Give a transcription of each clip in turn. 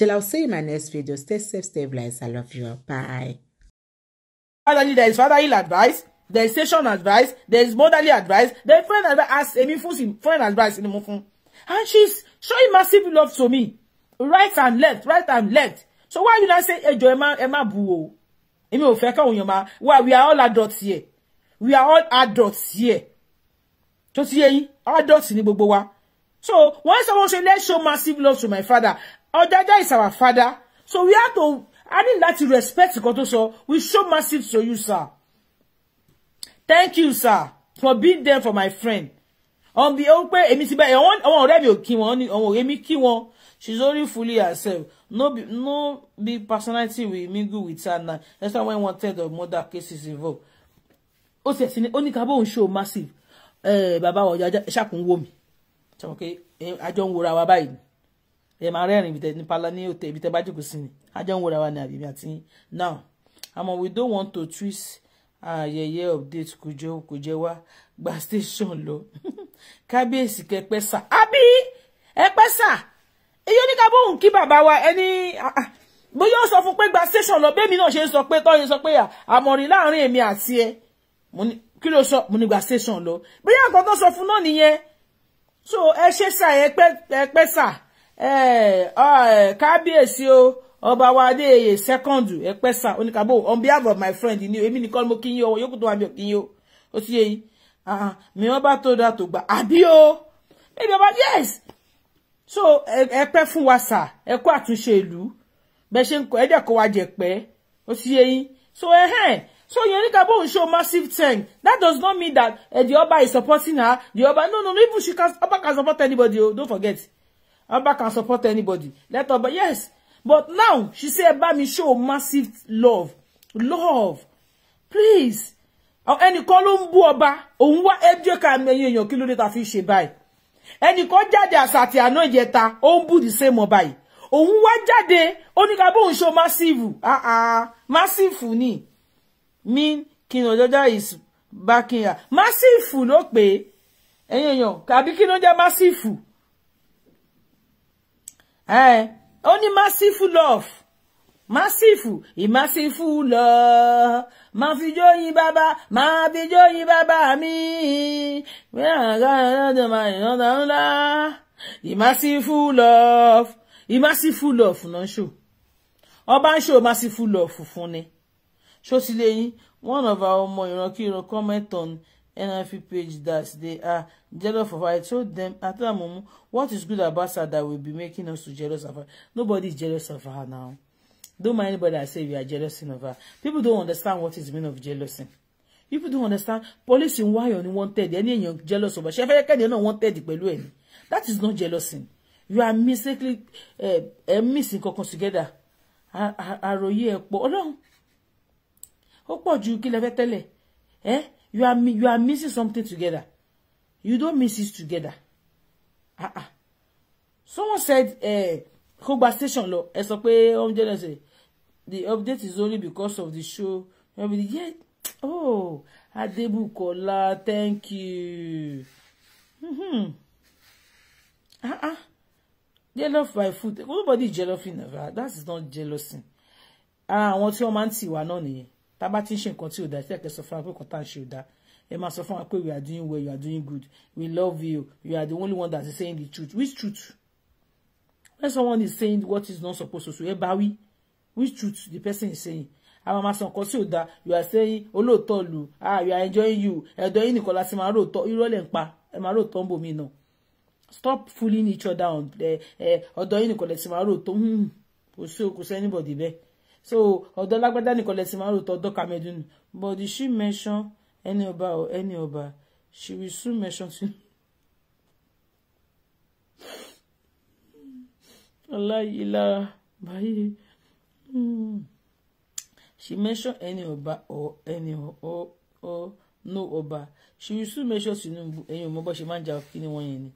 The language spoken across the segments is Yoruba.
Till I'll see you in my next video. Stay safe, stay blessed. I love you. Bye. Finally, there is fatherly advice. There is station advice. There is motherly advice. There is friend advice. Èmi fún friend advice in the phone, And she's showing massive love to me. Right and left, right and left. So why you not say, "Ejo Emma, Emma buo"? ẹ má bú o. we are all adults here. We are all adults here. So see, adults in the wa. So when someone say, let's show massive love to my father, Ojaja is our father. So we have to, I need that to respect Kotoso. We show mercy to you, sir. Thank you, sir, for being there for my friend. On the old open, èmi ti bá àwọn ọ̀rẹ́ mi ò kí wọn, àwọn ọ̀rẹ́ mi kí wọn. She's only fully herself. No, no be personality we mingle with her now. That's why one third of murder cases involved. Ó sì ẹ̀sìn ní oníkàbọ̀ eh, ń show massive. Bàbá Ọjájá ṣàkóńwó mi. Ṣàkóńwó mi. Àjọ ń wòra wa báyìí ẹ máa rẹ́rìn ibi tẹ ní pala ní òtẹ ibi tẹ bá jòkó sí ni ajá ń wọra wa ní àbíbí àti now àmọ́ we don't want to twist ayẹyẹ update kò jẹ́ kò jẹ́ wá gba station lọ kábíyèsí kẹpẹ sà àbí ẹpẹ sà èyí ní ká bóun kí bàbá wa ẹni ah, ah. bóyá ó sọ fún pé gba station lọ bẹ́ẹ̀ mi náà ṣe ń sọ pé tọ́yìn sọ pé àmọ̀rìn láàrin èmi àti ẹ kí ló sọ mo ní gba station lọ bóyá nǹkan tó sọ fún náà nìyẹn so ẹ ṣe sà ẹ pẹ́ sà. Eh, eh, kábíyèsí o ọba wa adéyẹ sẹ́kọ̀ndù ẹ̀pẹ́sà onikabo on behalf of my friend ni èmi nìkan mo kí yín o yókù tó wà mí ò kí yín o ó sì yẹ yín ah, ah, mi wọ́n bá tó dáa tó gbà àbí o ebi ọba yes so ẹ pẹ́ fún wa sà ẹ kó àtúnṣe ìlú bẹ́ẹ̀ ṣe ń kọ kó wa jẹ pẹ ó sì yẹ so ẹ̀hẹ́n so Yoruba will show massive tank That does not mean that uh, the Oba is supporting her. di Oba, no, no, no, even she can, Oba can support anybody. don't forget. Abba can support anybody. Let Abba, yes. But now, she say Abba, me show massive love. Love. Please. Ẹnìkan ló ń bú ọba. Òun wá ẹjọ́ ká mẹ́yìn èèyàn kí ló dé ta fi ṣe báyìí. Ẹnìkan jáde àsàtì àná ìjẹta. Ó ń bú the same mobile. Oh, what wá jáde. Ó ní ká bóun massive. Ah ah. Massive ni. Mean King Ojoja is backing her. Massive ló pè é. Ẹ̀yin èèyàn. Kàbí kí ló jẹ́ ẹ eh, only ní massive love massive ìmassive love máa fi jóyin bàbá máa fi jóyin bàbá mi ìmassive love ìmassive love náà ṣò ọba ń ṣò massive love fún ni ṣó ti lè yín one of our ọmọ ìrankíran comment on NIV page that they are jealous of her. I told them at that moment, what is good about her that will be making us to jealous of her? Nobody is jealous of her now. Don't mind anybody that say we are jealous of her. People don't understand what is mean of jealousy. People don't understand. Police in why only wanted. Any you're jealous of her. She not wanted That is not jealousy. You are mistakenly uh, eh, uh, eh, missing kankan together. Àròyé ẹ pọ̀. Ọlọ́run. Ó pọ̀ ju kí lẹ fẹ́ tẹ́lẹ̀. Eh? you are you are missing something together you don't miss it together ah ah someone said eh, kó gba station lọ ẹ sọ the update is only because of the show everybody yeah oh Adébùkọ́lá thank you mm-hmm. ah ah jealous by food nobody jealous in never that is not jealousy Ah, àwọn tí wọ́n máa ń tì wá náà nìyẹn tá a bá ti ń ṣe nǹkan tí ò dáa ṣẹ́ẹ̀kẹ́ sọ fún wa pé kò tá à ṣe ò dáa ẹ máa sọ fún wa pé we are doing well you are doing good we love you you are the only one that is saying the truth which truth when someone is saying what is not supposed to so ẹ bá wí which truth the person is saying àwọn máa sọ nǹkan tí ò dáa you are saying olóòótọ́ lu ah you are enjoying you ẹ̀dọ́ yìí nìkan láti máa róòótọ́ irọ́ lẹ̀ ń pa ẹ máa róòótọ́ ń bò mí náà stop fooling each other on eh, eh, ọ̀dọ́ yìí nìkan láti máa róòótọ́ hmm, kò sí kò sí anybody bẹ́ẹ̀ so ọ̀dọ̀ lágbádá nìkan lẹ́sìn máa ń rò tọ́dọ̀ kàmẹ́dùn but did she mention any ọba or any ọba she will soon mention to ọláyìlá báyìí she mention any ọba or any or or no ọba she will soon mention Tinubu ẹ̀yin ò mọ bó ṣe máa ń jà kí ni wọ́n yẹn ni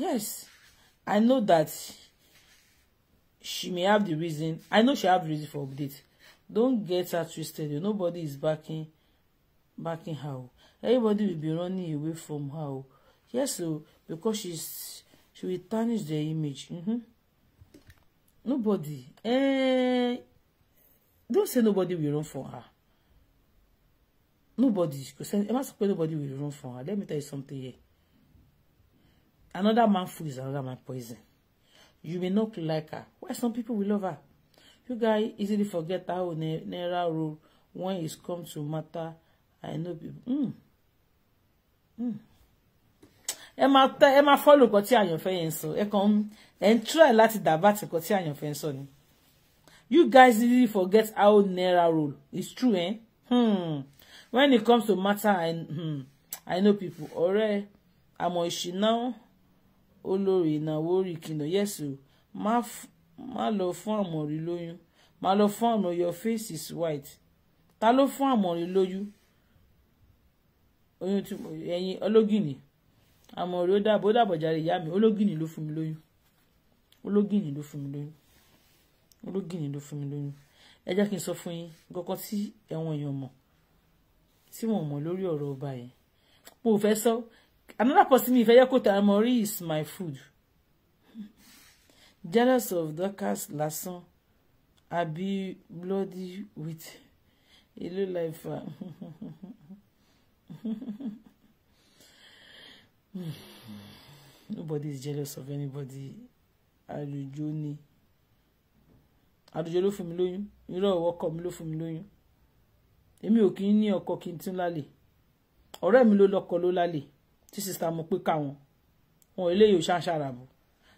yes I know that she may have the reason i know she have reason for update don't get her twisted oh, nobody is backing backing her oh. everybody will be running away from her oh. yes so because she's she will tarnish their image mm-hmm. nobody eh, don't say nobody will run from her nobody Because má sọ pé nobody will run from her let me tell you something here another man food is another man poison You may not like her. Why some people will love her? You guys easily forget how Naira rule when it's come to matter. I know people. Mm. Mm. Emma, Emma follow ẹ máa fọ́lù nǹkan tí àyànfẹ́ and sọ ẹ kàn ẹ ń try láti divert nǹkan tí àyànfẹ́ sọ ni you guys really forget our narrow rule. it's true eh? hmm. when it comes to matter I, hmm, I know people ọ̀rẹ́ àmọ́ now olórí ìnáwó orí kìnìún yẹ̀sù má lọ fún àmọ̀rí lóyún má lọ fún àmọ̀ your face is white ta ló fún àmọ̀rí lóyún oyún tí ẹ̀yin ológìnì àmọ̀rí ó dàbọ̀ ó dàbọ̀ jàre ìyá mi ológìnì ló fún mi lóyún ológìnì ló fún mi lóyún ológìnì ló fún mi lóyún ẹ jẹ́ kí n sọ fún yín kankan tí ẹ̀wọ̀n èèyàn mọ̀ tí wọ́n mọ̀ lórí ọ̀rọ̀ ọba yẹn mo fẹ́ sọ another person if I yẹ kó tara is my food jealous of Dorcas lásán àbí bloody with èlò láìfà nobody is jealous of anybody àlùjọ ni àlùjọ ló fún mi lóyún irọ́ ọkọ mi ló fún mi lóyún Emi ò kì í ní ọkọ kí n tún mi lo lọ́kọ ló lálẹ́ tí sista mo pé ká wọn wọn eléyìí ò ṣàṣàrà bò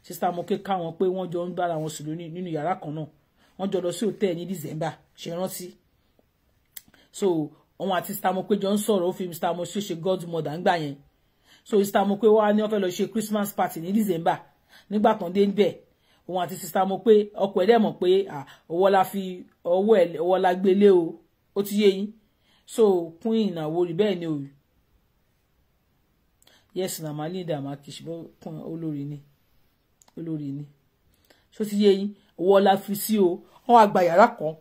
sista mo pé ká wọn pé wọ́n jọ ń bára wọn sùn lónìí nínú yàrá kan náà wọ́n jọ lọ sí hòtẹ́ẹ̀ ní December ṣe rántí so òun àti sista mo pé jọ ń sọ̀rọ̀ ó fi sista mo ṣe ṣe godmother ńgbà yẹn so sista mo pé wọ́n á ní wọ́n fẹ́ lọ ṣe Christmas party ní December nígbà tán dé níbẹ̀ òun àti sista mo pé ọkọ ẹ̀ dẹ̀ mọ̀ pé ọwọ́ la fi ọwọ́ la gbélé o ó ti yé yín so kún ìnáwó rí bẹ́ẹ̀ ni òyìn yes na my leader ma kì í ṣùgbọ́n kún olórí ni olórí ni ṣó ti yé yín owó ọlá fi sí o wọn wá yàrá kan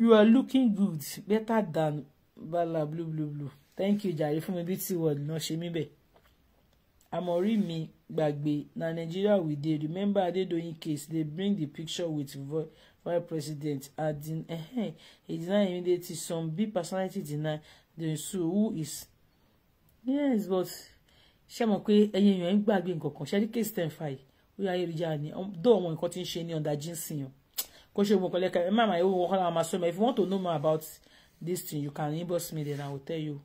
you are looking good better than bala blue blue blue thank you jàre fún mi bí tí wọ́ọ̀dù náà ṣe mí bẹ̀ àmọ̀rí mi gbàgbé na Nigeria we dey remember Adedoyin case dey bring the picture with vice president adin ehem he deny immediately some big personality deny dem sue who is yes but ṣé mọ̀ pé ẹ̀yin èèyàn ń gbàgbé nǹkan kan ṣe rí case ten five orí ayélujára ni dó um, àwọn nǹkan tí ń ṣe ní ọ̀dà jíǹsì yàn kó ṣe gbọ̀ngàn lẹ́ka ẹ̀ máa yóò wọ́n kọ́ra máa sọ mọ́ if you want to know more about this thing you can inbox me then I will tell you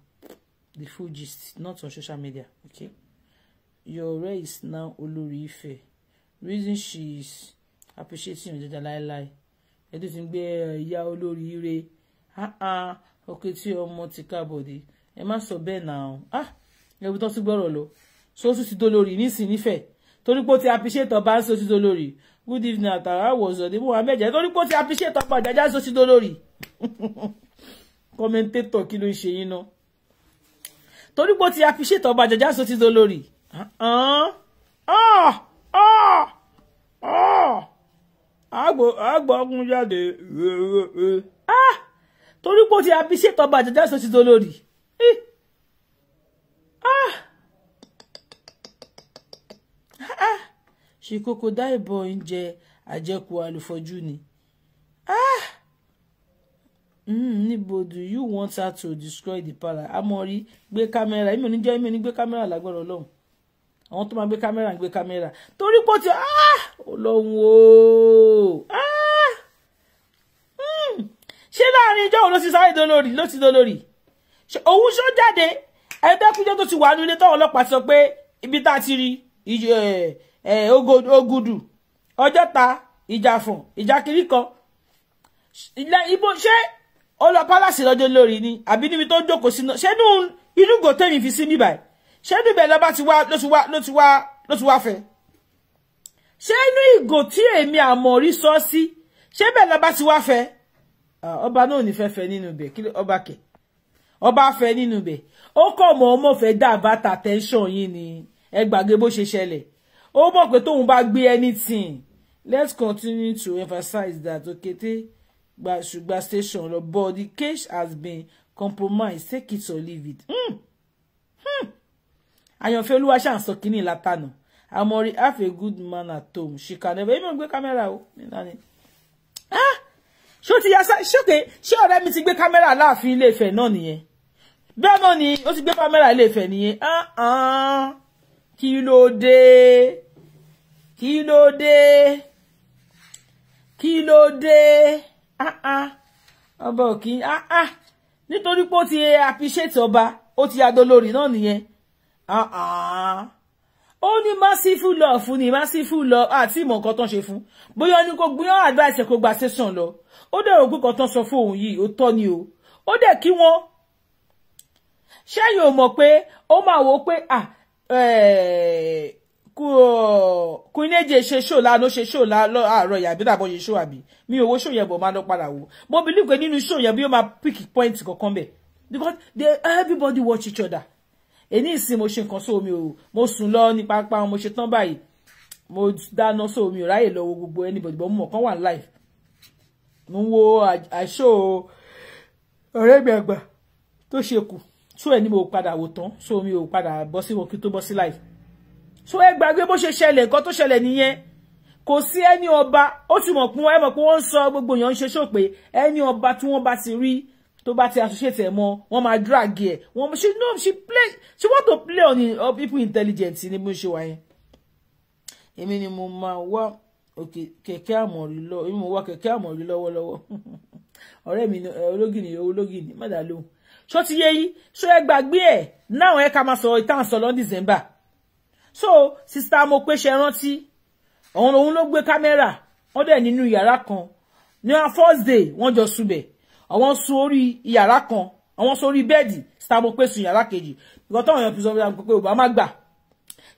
the full gist not on social media okay Yore is now Olori Ife reason she is appreciating Ojaja láéláé ẹ̀dùn ti ń gbé ìyá olórí ire ọkẹ́ tí ọmọ ti káàbọ̀dé ẹ má sọ bẹ́ẹ̀ náà ah ẹ̀rù tó tún gbọ́rọ̀ lọ sóòtú ti dolórí nísìnyí nífẹ̀ẹ́ torí pé ó ti appreciate ọba sóòtú dolórí good evening àtàrà àwòsàn ní mohammed jẹ́ torí pé ó ti appreciate ọba àjàjà sóòtú dolórí commentator kí ló ń ṣe yín náà torí pé ó ti appreciate ọba àjàjà sóòtú dolórí àgbọ̀ ọkùnrin jáde ah! torí pé ó ti appreciate ọba àjàjà sóòtú dolórí. Ah! Ah! ṣìkòkò dá ìbọn oúnjẹ àjẹkù àlùfọ́jú ni. Ah! Mm, níbo do you want her to destroy the palace amori gbé kámẹ́rà èmi ò ní jẹ́ èmi ò ní gbé kámẹ́rà lágbára ọlọ́run àwọn tó máa gbé kámẹ́rà ń gbé kámẹ́rà torí pọ̀ tí ah! ọlọ́run o ah! hmm. ṣé láàrin ìjọ́ wo ló ti sáré dolórí ló ti dolórí òun ṣó jáde ẹni tẹ́kùnjọ́ tó ti wà nílé táwọn ọlọ́pàá sọ pé ibi tá a ti rí ogudu Ojota ijafun, ijakiri kan ibo ṣé ó la pálásì lọ́jọ́ lórí ni àbí níbi tó jókòó sí náà ṣé inú gòtẹ́mi fi sí níbàyí ṣé inú ibẹ̀ ba ti wá ló ti wá ló ti wá ló ti wá fẹ́ ṣé inú ìgò tí èmi àmọ̀rí sọ sí ṣé bẹ́ẹ̀ lọ́ba ti wá fẹ́ ah, ọba náà ò ní fẹ́ fẹ́ nínú ibẹ̀ kí ọba kẹ̀ ọba fẹ́ nínú ibẹ̀ ó kọ̀ mọ́ ọmọ fẹ́ dá bàtà tẹ́ńsọ̀n yìí ni ẹ gbàgbé bó ṣe ṣẹlẹ̀ ó mọ̀ pé tóun bá gbé anything let's continue to emphasize that Okete gbàṣùgbà station lọ but the case has been compromised take it or leave it. Mm. Mm. àyànfẹ́ olúwa ṣàǹsọ kínní látànà Amori have a good man at home she can never even gbé kámẹ́rà o ah! ṣó ti yá ṣókè ṣé ọ̀rẹ́ mi ti gbé camera. láàfin ilé Ifẹ̀ náà nìyẹn bẹ́ẹ̀ náà ni ó ti gbé pamela ilé Ifẹ̀ nìyẹn kí ló dé kí ló dé kí ló dé ọba òkì nítorí pé ó ti appreciate ọba ó ti adó lórí náà nìyẹn ó ní másífù lọ fún ní másífù lọ àti ìmọ̀ nǹkan tán ṣe fún bóyá ó ní kó gbé advice kó gba sẹ́sàn lọ ó dẹ̀ rògbé kan tán sọ fún òun yìí ó tọ́ ni o ó dẹ̀ kí wọ́n ṣẹ́yìn ò mọ̀ pé ó máa wò ó pé eh, kúnlẹ́jẹ̀ ṣe ṣó lánàá ṣe ṣó lánàá àárọ̀ yàbí dàbọ̀ ṣe ṣó àbí mi ò wo ṣó yẹn bọ̀ máa lọ padà wò mo believe pé nínú ṣó yẹn bí ó máa pick point kankan bẹ̀ because they everybody watch each other èní ìsìn mo ṣe nǹkan sómi o mo sùn lọ ní pápá mo ṣe tán báyìí mo dáná sómi ò ráyè lọ gbogbo anybody but mo mọ̀ kán wà live mo ń wo àṣọ ọ̀rẹ́ tó ṣe kù so ẹni mo padà wò tán so mi ò padà bọ́ sí wọn kí tó bọ́ sí live so ẹ gbàgbé bó ṣe ṣẹlẹ̀ nǹkan tó ṣẹlẹ̀ nìyẹn kò sí ẹni ọba ó sì mọ̀ pé ẹ mọ̀ pé wọ́n ń sọ gbogbo èèyàn ń ṣe ṣòpè ẹni ọba tí wọ́n bá ti rí tó bá ti associate ẹ̀ mọ́ wọ́n máa drag ẹ̀ wọ́n ṣe no she play she want to play on uh, people intelligent ni mo ṣe wà yẹn èmi ni mo máa wá kẹ̀kẹ́ àmọ̀rí lọ èmi mo wá kẹ̀kẹ́ àmọ̀rí lọ́wọ́lọ́wọ́ ọ̀rẹ́ mi ológìní ológìní má dà lóhùn ṣó ti yé yín ṣó ẹ gbàgbé ẹ̀ náà ẹ ká máa sọ̀rọ̀ ìtàn sọ̀rọ̀ ní December so sista mo pé ṣe rántí òun òun ló gbé kámẹ́rà wọ́n dẹ̀ nínú yàrá kan ní wọn first day wọ́n jọ subẹ̀ àwọn sun orí yàrá kan àwọn sun orí bẹ́ẹ̀dì sista mo pé sun yàrá kejì ìgbọ́n táwọn èèyàn fi sọ fún pé òbá má gbà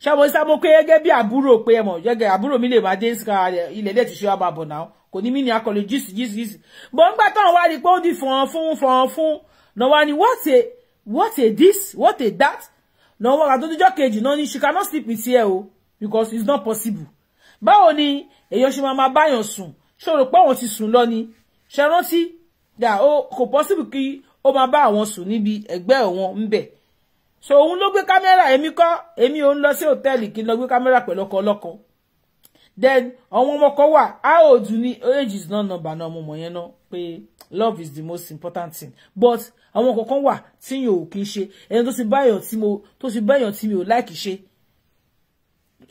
ṣàbọ̀ sista mo pé gẹ́gẹ́ bí àbúrò pé ẹ mọ̀ gẹ́gẹ́ àbúrò mi lè máa dé ilẹ̀ dẹ̀ ti ṣe wá máa bọ̀ náà kò ní mí ní akọlẹ̀ jíìsì jíìsì jíìsì bọ́ńgbà táwọn wá rí pé di fọ̀n fún fọ̀n fún No one. what a what a this what a that náà wọ́n ra tó díjọ́ kejì náà ní she cannot sleep with here oh, because it's not possible But only, èèyàn ṣe mama buy báyàn soon. ṣé o rò pé àwọn ti sùn lọ ni ṣe rántí dà ó kò oh my ó máa bá àwọn be a ẹgbẹ́ òun ń so òun ló gbé kámẹ́rà èmi kọ́ èmi ò ń lọ sí hòtẹ́ẹ̀lì kí n lọ gbé kámẹ́rà pẹ̀lú ọkọ̀ ọlọ́kọ̀ then àwọn ọmọ kan wà how ni age is not number náà mo mọ̀ yẹn náà pé love is the most important thing but àwọn kọ̀ọ̀kan wà tí yóò kì í ṣe ẹni tó ti báyọ̀ tí mo tó ti báyọ̀ tí mi ò láìkì ṣe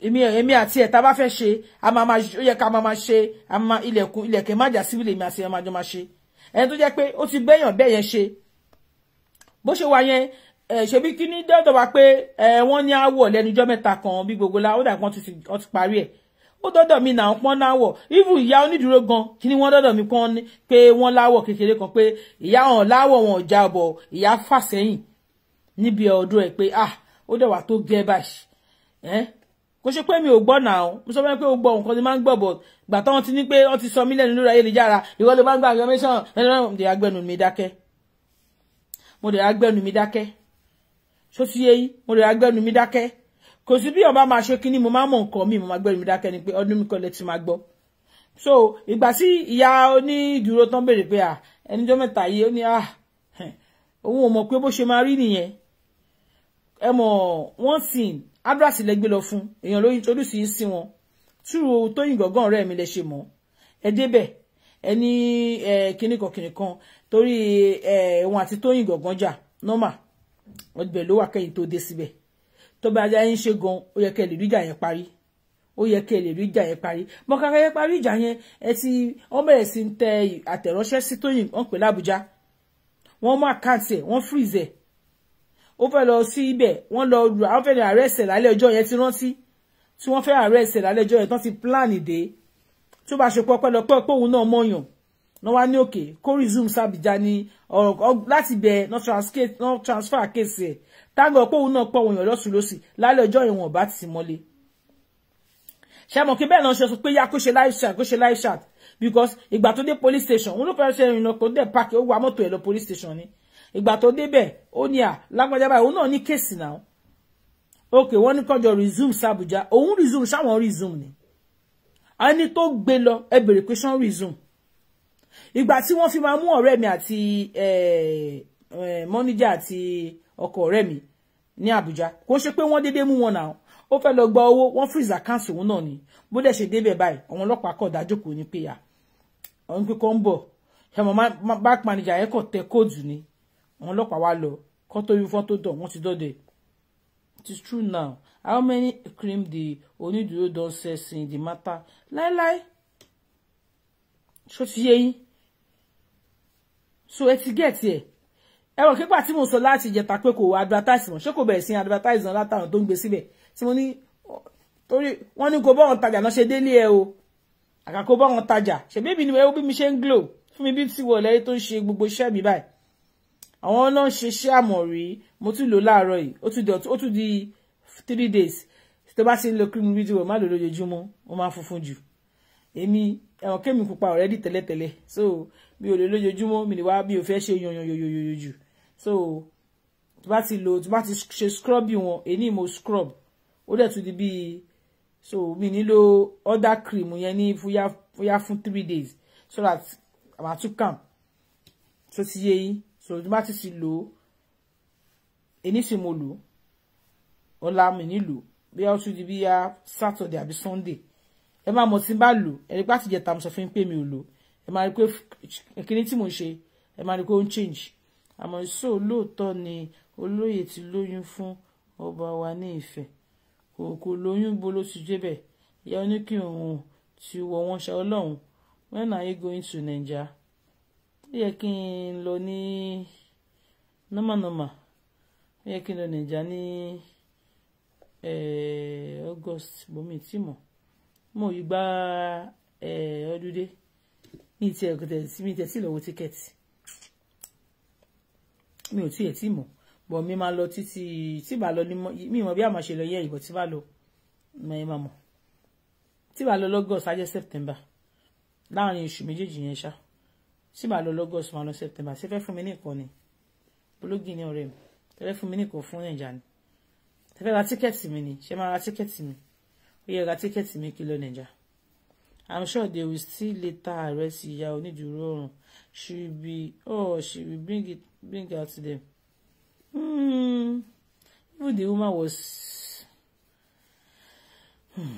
èmi èmi àti ẹ̀ tá bá fẹ́ ṣe a máa ma ó yẹ ká máa ma ṣe a máa ilẹ̀kùn ilẹ̀kẹ̀ má jà síbílẹ̀ èmi àti ẹ̀ máa jọ máa ṣe ẹni tó jẹ́ pé ó ti bẹ́yàn bẹ́ẹ̀ yẹn ṣe bó ṣe wà yẹn ṣebí kí ní dọ́dọ̀ wá pé wọ́n ní àwọ̀ lẹ́nujọ́ mẹ́ta kan bí gbogbo la ó kan ti parí ẹ̀ ó dọ́dọ̀ mi náà pọ́n láwọ̀ even ìyá onídùúró gan kí ni wọ́n dọ́dọ̀ mi pọ́n ní pé wọ́n láwọ̀ kékeré kan pé ìyá wọn láwọ̀ wọn ọ̀jà bọ̀ ìyá fà sẹ́yìn níbi ọdún ẹ̀ pé ah ó dẹ̀ wà tó gẹ́ báyìí ẹ́ kò ṣe pé mi ò gbọ́ náà mo sọ pé ó gbọ́ nǹkan tí máa ń gbọ́ bọ̀ gbà tán ti ní pé wọ́n ti sọ mí lẹ́nu lórí ayélujára ìwọ ló bá ń gba information ẹni mo dẹ̀ agbẹnu mi dákẹ́ mo dẹ̀ agbẹnu mi dákẹ́ ṣó mo dẹ̀ agbẹnu mi dákẹ́ kò sí bí ọba máa ṣe kínní mo máa mọ nǹkan mi mo máa gbẹ́rù mi dákẹ́ ni pé ọdún mi kọ́lẹ̀ ti máa gbọ́ so ìgbà sí ìyá onídùúró tán béèrè pé à ẹnijọ́ mẹ́ta yìí ó ní à òun ò mọ̀ pé bó ṣe máa rí nìyẹn ẹ mọ̀ wọ́n sìn adrasi lẹ gbé lọ fún èèyàn ló introduce yín sí wọn túrò tóyìn gọ̀ngàn rẹ̀ mi lẹ ṣe mọ̀ ẹ débẹ̀ ẹ ní kinní kan kinní kan torí òun àti tóyìn gọ̀ngàn jà nọ́mà ọdún ló wà kẹ́yìn tó dé síbẹ̀ tó bá yá yín ṣe gan ó yẹ kẹ́ lè rí ìjà yẹn parí ó yẹ kẹ́ lè rí ìjà yẹn parí mọ̀kàkà yẹn parí ìjà yẹn ẹ ti wọ́n bẹ̀rẹ̀ sí ń tẹ àtẹ̀ránṣẹ́ sí Tóyìn wọ́n pè lábújá wọ́n mú àkáǹtì ẹ̀ wọ́n freeze ẹ̀ ó fẹ́ lọ sí ibẹ̀ wọ́n lọ rù àwọn fẹ́ẹ́ arrest ẹ̀ lálẹ́ ọjọ́ yẹn ti rántí tí wọ́n fẹ́ẹ́ arrest ẹ̀ lálẹ́ ọjọ́ yẹn tán ti plan dé tó bá ṣe pọ̀ pẹ́lọpẹ́ póun náà mọ̀yàn wọ́n wá ní òkè kó resume sábìjà ní ọ̀rọ̀ láti bẹ̀ náà transfer case ẹ̀ tágọ̀ pé òun náà pọ̀ òun yàn lọ́sùn lọ́sì lálẹ́ ọjọ́ ìwọ̀n bá ti mọ́lé ṣe bẹ́ẹ̀ náà ṣe sọ pé yá kó ṣe live chat kó ṣe live chat because ìgbà tó dé police station òun ló fẹ́ ṣe ìrìnà kó dẹ̀ pàkì ó wa mọ́tò ẹ̀ lọ police station ni ìgbà tó débẹ̀ ó ní à lágbájá báyìí òun náà ní kéèsì náà ok wọ́n ní kọjọ resume sàbújá òun resume ṣáwọn resume ni ẹni tó gbé lọ ẹ bèrè pé ṣán resume ìgbà tí wọ́n fi máa mú ọ̀rẹ́ mi àti eh, eh, mọ́níjà àti ọkọ ọ̀rẹ́ mi ní Àbújá kò ṣe pé wọ́n dédé mú wọn náà ó fẹ́ lọ gba owó wọ́n freeze account òun náà ni bó dẹ̀ ṣe débẹ̀ báyìí àwọn ọlọ́pàá kọ̀ dájókòó ní péyà àwọn pé ń bọ̀ ẹmọ bank manager yẹn kọ̀ tẹ kóòdù ni àwọn ọlọ́pàá wá lọ kọ́ tó yú fọ́n tó dọ̀ wọ́n ti dọ́dẹ̀ it is true now how many cream the onídùúró don sell since the matter láéláé ṣó ti yé yín so ẹ ti gẹ̀ẹ́tì ẹ̀ ẹ̀rọ kípa tí mo sọ láti ìjẹta pé kò advertise mọ̀ ṣé kò bẹ̀rẹ̀ sí advertise náà látàrán tó ń gbé síbẹ̀ tí mo ní torí wọ́n ní kò bọ́ọ̀n tajà náà ṣe délé ẹ o àkàkò bọ́ọ̀n tajà ṣèbí mi ni ẹ bí mi ṣe ń glow fún mi bí tí wọ̀ lẹ́yìn tó ń ṣe gbogbo iṣẹ́ mi báyìí àwọn náà ṣe iṣẹ́ àmọ̀rí mo tún lò láàárọ̀ yìí ó tún di three days tó bá ti ń lo cream video má lò lójoojúmọ́ ó máa funfun jù èmi ẹ̀wọ̀n kémi pupa ọ̀rẹ́dì tẹ́lẹ̀tẹ́lẹ̀ so mi ò lò lójoojúmọ́ mi ni wá mi ò fẹ́ ṣe yanyan yoyoyo jù. Yo, yo, yo, so tí bá ti lò tí bá ti ṣe scrubbing wọn èyí mo scrub ó dẹ̀ tún di bíi so mi nílò other cream yẹn ní fúyà fúyà fún three days so that àwa tún kàn so ti yé yín so tí bá ti ti lò èyí sì mo lò ọ̀la mi nílò bí ó tún di bíi Saturday àbí Sunday ẹ máa mọ̀ tí n bá lò ẹni pé àtijọ́ ta mo sọ fún yín pé mi ò lò ẹ máa rí pé kíní tí mo ṣe ẹ máa rí pé ó ń change àmọ́ ìṣó lóòótọ́ ni olóyè ti lóyún fún ọba wa ní Ifẹ̀ kò kò lóyún bo ló ti débẹ̀ ìyá oníkì ti wọ wọn ṣá ọlọ́run when are you going to Naija ó yẹ kí n lọ ní nọ́mànọ́mà ó yẹ kí n lọ Naija ní August bomi tí mo, mo yí gba ọdún dé ní ìtẹ̀ ọ̀kẹ́tẹ̀ sí mi tẹ̀ sí ìlọ́wọ́ tíkẹ́ẹ̀tì mi ò tiẹ̀ tí mọ̀ bọ̀ mi máa lọ títí tí bá lọ ní mi mọ̀ bí àmọ́ ṣe lọ yẹ ìbọ̀ tí bá lọ mọ̀ ẹ máa mọ̀ tí bá lọ lọ́gọ́sì ajẹ́ September láàrin oṣù méjèèjì yẹn ṣá tí bá lọ lọ́gọ́sì máa lọ September ṣe fẹ́ fún mi nìkan ni ológì ní ọ̀rẹ́ mi tẹ́fẹ́ fún mi nìkan fún nàìjà ni tẹ́fẹ́ ra tíkẹ́ẹ̀tì mi ni ṣe máa ra tíkẹ́ẹ̀tì mi ó yẹ ra tíkẹ́ẹ̀tì mi kí lọ nàìjà I'm sure they will still later arrest need your Oniduro. She will be, oh, she will bring it, bring out to them. Hmm. Even the woman was. Hmm.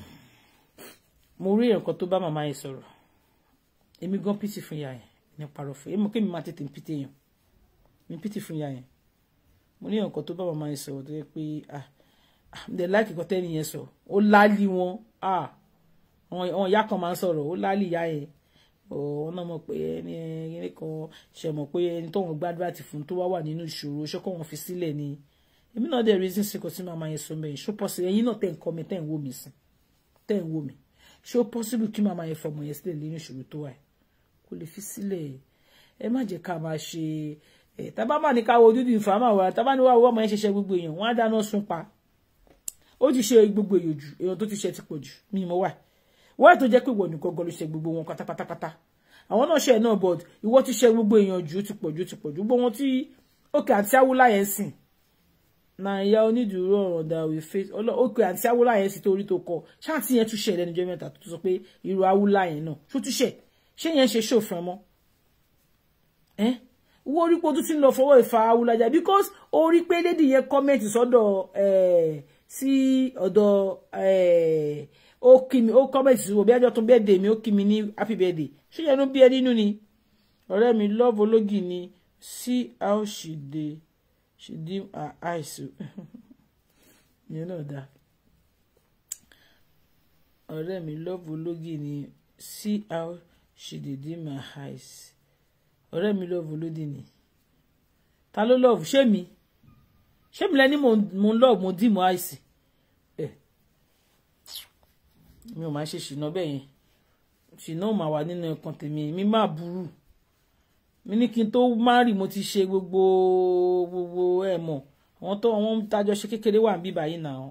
Mo rí nǹkan tó bá màmá yẹn sọ̀rọ̀. pity for ìyá yẹn ní parọ́ fún. Èmi kémi máa tètè pity yẹn. Mi pity fún ìyá yẹn. Mo rí nǹkan tó bá màmá They ah, ah, like nǹkan tẹ́ni yẹn sọ. Ó láálí wọn. Ah àwọn ìyá kan máa ń sọ̀rọ̀ ó lálì ìyá yẹn ọ̀hún náà mọ̀ pé ẹni ẹni kan ṣe mọ̀ pé ẹni tó wọn gbàdúrà ti fún tó wá wà nínú ìṣòro ṣọ́kọ́ wọn fi sílẹ̀ ni èmi náà dẹ̀ rí sí sí kò sí màmá yẹn sọ mẹ́rin ṣó possible ẹ̀yin náà tẹ̀ ń kọ́ mi tẹ̀ ń wò mí sí tẹ̀ ń wò mí ṣó possible kí màmá yẹn fọmọ yẹn sílẹ̀ nínú ìṣòro tó wà kó lè fi sílẹ̀ ẹ má jẹ́ ká máa ṣe ẹ tábà má ní ká wo dúdú ìfàmà wa tábà ní wá wo ọmọ yẹn ṣẹṣẹ gbogbo èèyàn wọn á dáná sun pa ó ti ṣe gbogbo èèyàn jù èèyàn tó ti ṣe ti pọ̀ jù mí mo wà wáyé tó jẹ́ pé ìwọ ní gọ́gọ́ ló ṣe gbogbo wọn pátápátápátá àwọn náà ṣe náà but ìwọ ti ṣe gbogbo èèyàn jù ti pọ̀jù ti pọ̀jù gbogbo wọn tí òkè àti awúláyẹ̀ sìn nàìyá onídùúró ọ̀rọ̀ dàwí faith òkè àti awúláyẹ̀ sìn torí tó kọ ṣáàtì yẹn túṣe lẹ́nu jẹ́ mẹ́ta tó sọ pé irú awúláyẹ̀ náà ṣó túṣe ṣé yẹn ṣe ṣòfin mọ́ ẹ́ owó orí pé o tún ti ń lọ fọwọ́ ìfà awúlájà because orí pé lédi yẹn kọ́mẹ̀ntì sọ́dọ̀ eh, sí ọ̀dọ̀ eh, ó kí mi ó kọ́mẹ̀tì sí wo bí ẹjọ́ tó birthday mi ó kí mi ní happy birthday ṣé yẹn ló bí ẹ nínú ni ọ̀rẹ́ mi love ológì ni see how she dey she dim her eyes You know that. ọ̀rẹ́ mi love ológì ni see how she dey dim her eyes ọ̀rẹ́ mi love olódì ni ta ló love ṣé mi ṣé mi lẹ́ni mo love mo dim her eyes mi ò máa ṣe ṣìnà bẹ́ẹ̀ yẹn ṣìnà ò máa wà nínú ẹ̀kan tèmi mi má burú mi ní kí n tó má rì mo ti ṣe gbogbo gbogbo ẹ̀ mọ̀ àwọn tó àwọn tájọ ṣe kékeré wà níbí báyìí nà ọ́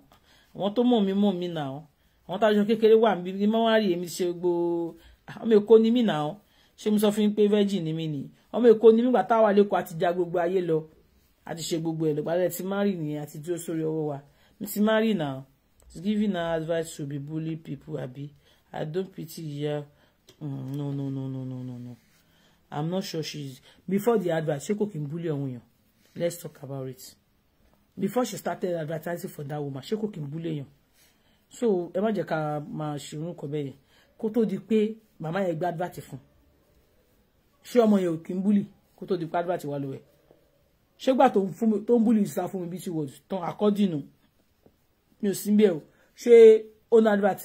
àwọn tó mọ̀ mí mọ̀ mí nà ọ́ àwọn tájọ kékeré wà níbí kí n má èmi ṣe gbogbo àwọn èkó ni mí nà ọ́ ṣé mo sọ fún yín pé virgin ni mí ni ọmọ èkó ni mí gbà táwa lẹ́kọ̀ọ́ àti ja gbogbo ayé lọ àti ṣe gbogbo ẹ̀ lọ́gbàlẹ̀ ti má rì nìyẹn àti dúró sórí ọwọ́ wa mi ti má rì nà ọ́ She's giving her advice to be bully people, Abby. I don't pity her. Mm, no, no, no, no, no, no, no. I'm not sure she's... Before the advice, she can bully her. Let's talk about it. Before she started advertising for that woman, she can bully her. So, ẹ má jẹ́ ká máa ṣerun kọ bẹ́ẹ̀ yẹn. Kó tó di pé màmá yẹn gbé advert fún. Ṣé ọmọ yẹn ò kí di pé advert wà lọ́wọ́ ẹ̀? Ṣé gbà tó ń búlì sá fún mi bí mi ò sí níbẹ̀ o ṣé ọ̀nà advert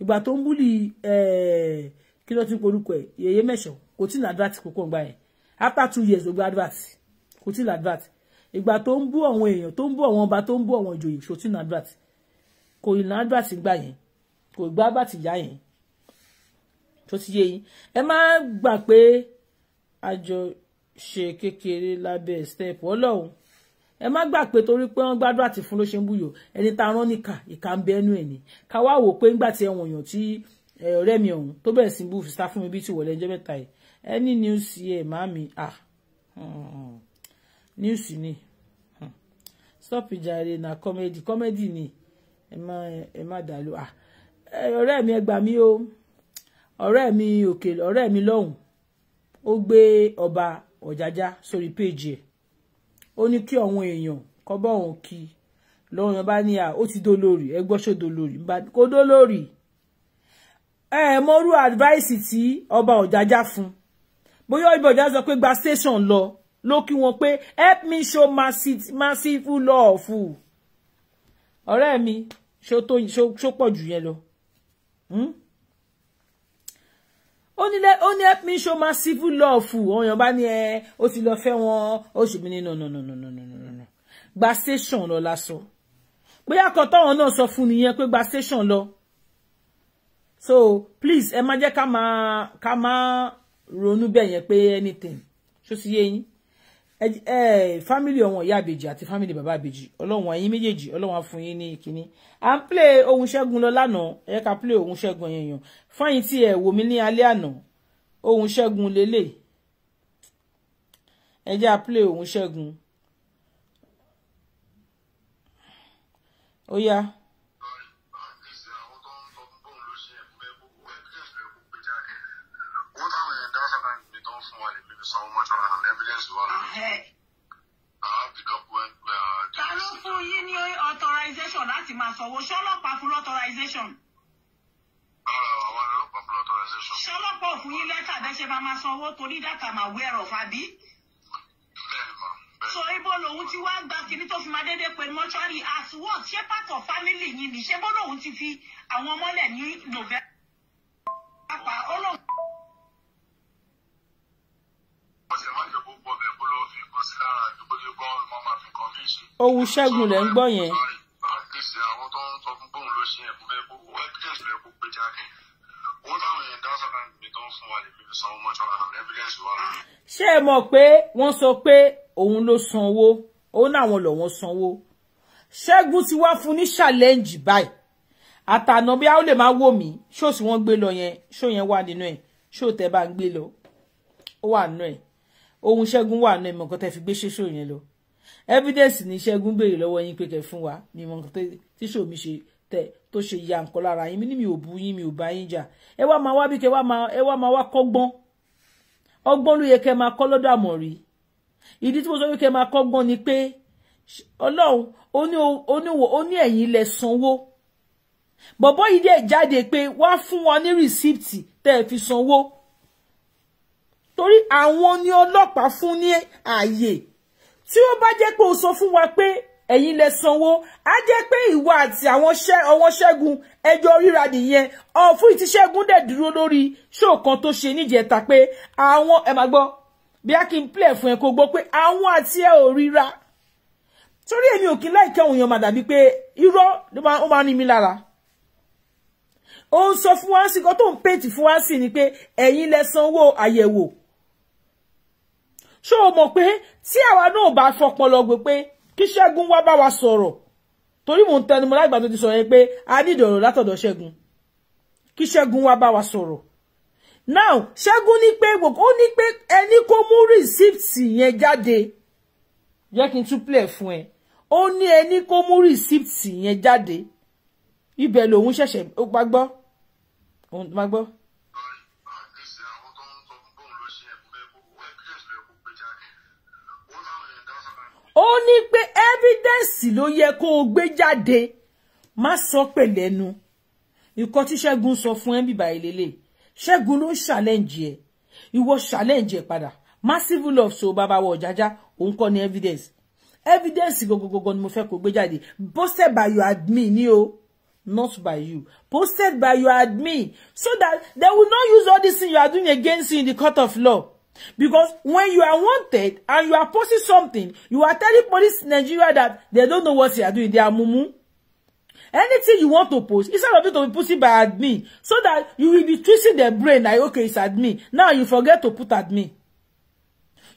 ìgbà tó ń búlì eh, kí ló ti ń porúkọ ẹ̀ yẹ̀yẹ́ mẹ́sàn kò tí ní advert kókó ń gbà yẹn after two years ó gba advert kò tí ì ní advert ìgbà tó ń bú àwọn èèyàn tó ń bú àwọn ọba tó ń bú àwọn ìjòyè kò tí ì ní advert kò ní advert gbà yẹn kò gbá advert yá yẹn tó ti yé yín ẹ má gbà pé àjọṣe kékeré lábẹ́ step ọlọ́run ẹ má gbà pé torí pé wọ́n gbádùn àti fún ló ṣe ń búyọ ẹni tá a rán níkà ìka ń bẹ ẹnu ẹ ní ká wá wò pé ńgbà tí ẹwọn èèyàn tí ọ̀rẹ́ mi ọ̀hún tó bẹ̀rẹ̀ sí bú sá fún mi bí ti wọlé ẹjọ́ mẹ́ta yìí ẹni news yẹ màmí à news ni hmm. stop ìjàre na comedy comedy ni ẹ má ẹ má dàlú à ah, ọ̀rẹ́ mi ẹ gbà mí o ọ̀rẹ́ mi òkèlè ọ̀rẹ́ mi lọ́hùn ó gbé ọba ọ̀jájá sórí péèjì ẹ̀ ó ní kí àwọn èèyàn kọ́ bọ́ òun kí lọ́rùn bá ní à ó ti dolórí ẹ gbọ́ dolórí kó dolórí ẹ mọ́rú advice tí ọba ọ̀jájá fún bóyá ọba ọ̀jájá sọ pé gba station lọ ló kí wọn pé help me show massive, massive love ọ̀rẹ́ mi ṣó pọ̀ jù yẹn lọ. Hmm? ó ní ó ní help me show massive love ọyàn bá ní ẹ ó ti lọ fẹ́ wọn ó ṣe mí ní no no no no no no no no gba station lọ lásọ pé àkọ́tọ́wọn náà sọ fún nìyẹn pé gba station lo so please ẹ má jẹ́ ka ma ká máa ronú bẹ́ẹ̀ yẹn pé anything ṣó ti yé yín family ọ̀wọ̀n ìyá àbèjì àti family bàbá àbèjì ọlọ́wọ̀n ẹ̀yin méjèèjì ọlọ́wọ̀n fún yín ní kínní à ń play ohun ṣẹ́gun lọ lánàá ẹ̀yẹ́ ká play ohun ṣẹ́gun yẹn yàn fáyín tí ẹ̀ wò mí ní alẹ́ àná ohun ṣẹ́gun lélẹ̀ ẹ jẹ́ à play ohun ṣẹ́gun ó yá. Wọ́n táwọn Ah, I have the document where. Ta ló fún yín ní authorization láti máa sọ̀wọ́ ṣọ́lọ́pàá fún authorization? Ara àwọn ọlọ́pàá fún authorization. Ṣọ́lọ́pàá ò fún yín lẹ́tà bẹ́ẹ̀ ṣe máa máa sanwó torí dàtà máa wé ẹ̀rọ fàbí. Bẹ́ẹ̀ni ma. So ibo lòun ti wá gba kíní tó fi máa dédé pé mọ́ṣúárì at what ṣé part of family yín ni ṣé bó lòun ti fi àwọn ọmọlẹ̀ ní November. Pápá ó lòun sí lára ìdúgbòye gbọ́n ló máa máa fi kàn mí ṣe. owó ṣẹ́gun lẹ́ ń gbọ́ yẹn. àkíyèsí ah, àwọn tó ń sọ fún bóun ló ṣe ẹ̀kú fẹ́ ṣé ẹ mọ̀ pé wọ́n sọ pé òun ló san òun náwọn lọ́wọ́ sanwó ṣẹ́gun ti wá fún ní challenge báyìí àtànà bí a ó lè máa wò mí ṣó sì wọ́n gbé lọ yẹn ṣó yẹn wà nínú ẹ̀ ṣó tẹ́ bá ń gbé lọ ó wà nínú ẹ̀ ohun ṣẹ́gun wà náà ìmọ̀ tẹ́ fi gbé ṣéṣó yẹn lọ evidence ni ṣẹ́gun béèrè lọ́wọ́ yín pé kẹ́ fún wa ni ìmọ̀ nǹkan tíṣò mi ṣe tẹ tó ṣe ya nǹkan lára yín mi ní mi ò bu yín mi ò bá yín jà ẹ wá máa wá bí kẹ́ ẹ wá máa wá kọ́gbọ́n ọgbọ́n ló yẹ kẹ́ máa kọ́ lọ́dọ̀ Àmọ̀rí ìdí tí mo sọ pé kẹ́ máa kọ́gbọ́n ni pé Ọlọ́run ó ní ẹ̀yin sanwó bọ̀bọ́ yìí dẹ̀ jáde pé wá fún wọn ní rìsíìtì tẹ́ ẹ fi sanwó torí àwọn ni ọlọ́pàá fún ní ààyè tí ó bá jẹ́ pé o sọ fún wa pé ẹ̀yin lẹ sanwó á jẹ́ pé ìwà àti àwọn ọwọ́ ṣẹ́gun ẹjọ́ ríra nìyẹn ọ̀fun ìtí ṣẹ́gun dẹ̀ dúró lórí ṣòkan tó ṣe níjẹta pé àwọn ẹ̀ máa gbọ́ bí a kì í plẹ̀ fún ẹ kó gbọ́ pé àwọn àti ẹ ò ríra torí èmi ò kí láìka òun yan màdàbí pé irọ́ ó máa ń ní mi lára ó ń sọ fún wa sí kan tó ń pètì fún wa sí ni pé ẹ̀yin lẹ sanwó àyẹ̀wò ṣó o mọ̀ pé tí àwa náà bá fọpọlọ gbé pé kí Ṣẹ́gun wá bá wa sọ̀rọ̀ torí mò ń tẹnumọ́ láìgbà tó ti sọ yẹn pé a ní ìdọ̀rọ̀ látọ̀dọ̀ Ṣẹ́gun kí Ṣẹ́gun wá bá wa sọ̀rọ̀ now Ṣẹ́gun ní pé ó ní pé ẹni kó mú rìsíptì yẹn jáde yẹ kí n tún plẹ̀ fún ẹ ó ní ẹni kó mú rìsíptì yẹn jáde ibẹ̀ lòun ṣẹ̀ṣẹ̀ ó gbàgbọ́ ó gbàgbọ́. ó ní pé evidence ló yẹ kó o gbé jáde má sọ pé lẹ́nu nǹkan tí Ṣẹ́gun sọ fún ẹ́ bíbá ìlélẹ̀ Ṣẹ́gun ló ṣàlẹ́ǹjì ẹ̀ ìwọ ṣàlẹ́ǹjì ẹ̀ padà massive love so bàbá wọ jájá òun kọ́ ni evidence evidence gogogogo ni mo fẹ́ kó gbé jáde posted by your admin ni o not by you posted by your admin so that they will not use all this thing you are doing against you in the court of law. Because when you are wanted and you are posting something, you are telling police Nigeria that they don't know what they are doing. They are mumu. Anything you want to post, instead of it to be posted by admin, so that you will be twisting their brain like, okay, it's admin. Now you forget to put admin.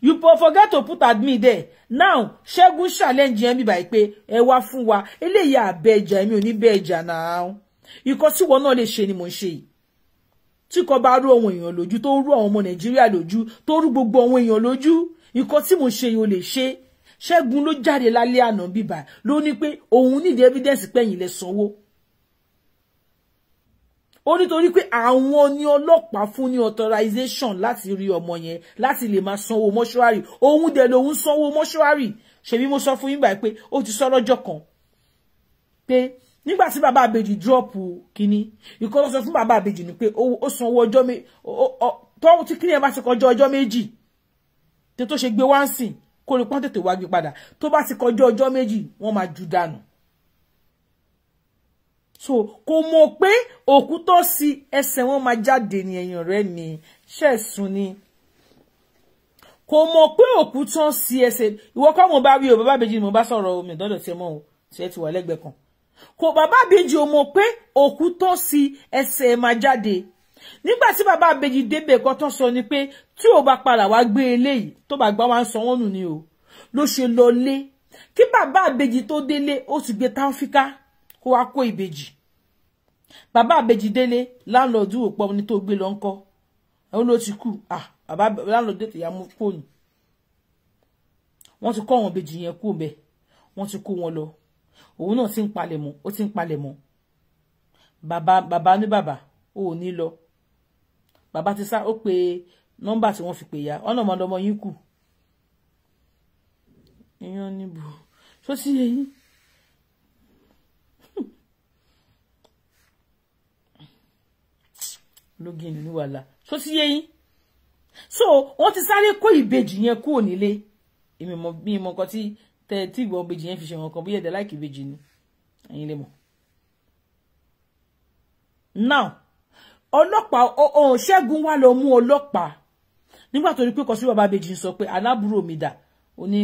You forget to put admin there. Now, Ṣẹ́gun challenge yẹn by báyìí pé ẹ wá fún wa. Eléyìí àbẹ̀jà èmi ò ní bẹ̀jà náà. Ìkọ́síwọ náà lè ṣe ni mò ń ṣe tí kò bá rú àwọn èèyàn lójú tó rú àwọn ọmọ nàìjíríà lójú tó rú gbogbo àwọn èèyàn lójú nǹkan tí mo ṣe yìí ò lè ṣe ṣẹ́gun ló jáde lálẹ́ àná bíbà ló ní pé òun nídìí evidence pẹ̀yìn lẹ sanwó ó nítorí pé àwọn ni ọlọ́pàá fún ní authorization láti rí ọmọ yẹn láti lè máa sanwó mọ́ṣúárì òun dẹ̀ lòun sanwó mọ́ṣúárì ṣebí mo sọ fún yín báyìí pé ó ti sọ lọ́jọ́ kan pé nígbà tí bàbá àbèjì dúrọ́pù kínní ìkọ́ ló fún bàbá àbèjì ni pé ó san owó ọjọ́ méjì tọ́wọ́ tí kínní ẹ̀ bá ti kọjá ọjọ́ méjì tí tó ṣe gbé wá ń sìn kó lè pọ́n tètè wági padà tó bá ti kọjá ọjọ́ méjì wọ́n máa ju dànù. so kò mọ̀ pé òkú tó sí ẹsẹ̀ wọn máa jáde ní ẹ̀yìn rẹ̀ ní ṣẹ̀sùn ni kò mọ̀ pé òkú tó sí ẹsẹ̀ ìwọ mo bá wí o bàbá àbèjì ni mo bá sọ̀rọ̀ omi ìdọ́dọ̀ tiẹ̀ mọ́ o tiẹ̀ ti wà lẹ́gbẹ̀ẹ́ kan kò bàbá àbèjì ò mọ̀ pé òkú tó sí ẹsẹ̀ máa jáde nígbà tí bàbá àbèjì débẹ̀ kan tó sọ ni pé tí ò bá padà wá gbé eléyìí tó bá gbá wá ń sanwó nù ni o ló ṣe lọ lé kí bàbá àbèjì tó délé ó sì gbé táfíkà kó wá kó ìbejì bàbá àbèjì délé láńlọ́ọ̀dù òpó ní tó gbé lọ ń kọ́ ó ló ti kú ah, bàbá láńlọ́ọ̀dù ètò ìyá mú fóònù wọ́n ti kọ́ àwọn ìbejì yẹn kú bẹ́ẹ̀ wọ́n ti kó wọn lọ òun náà ti ń palẹ̀ mọ́ ó ti ń palẹ̀ mọ́ bàbá bàbá ní bàbá ò ní lọ bàbá ti sá ó pe nọ́mbà tí wọ́n fi pè ya ọ̀nà ọmọdọmọ yín kù ìyàn níbo tó sì yẹ yín. lógin nínú wàhálà tó sì yẹ yín so wọ́n ti sáré kó ìbejì yẹn kúrò nílé èmi mọ bí mo kọ tí tẹ tí ìgbọ́ bèjì yẹn fi ṣe wọn kan bí ẹ̀dẹ̀ láìkì bèjì ni ẹ̀yin lè mọ̀. now ọlọ́pàá ọ̀hún ṣẹ́gun wá lọ mú ọlọ́pàá nígbà tó rí pé kọsí bàbá bèjì sọ pé aláàbúrò mi dà ó ní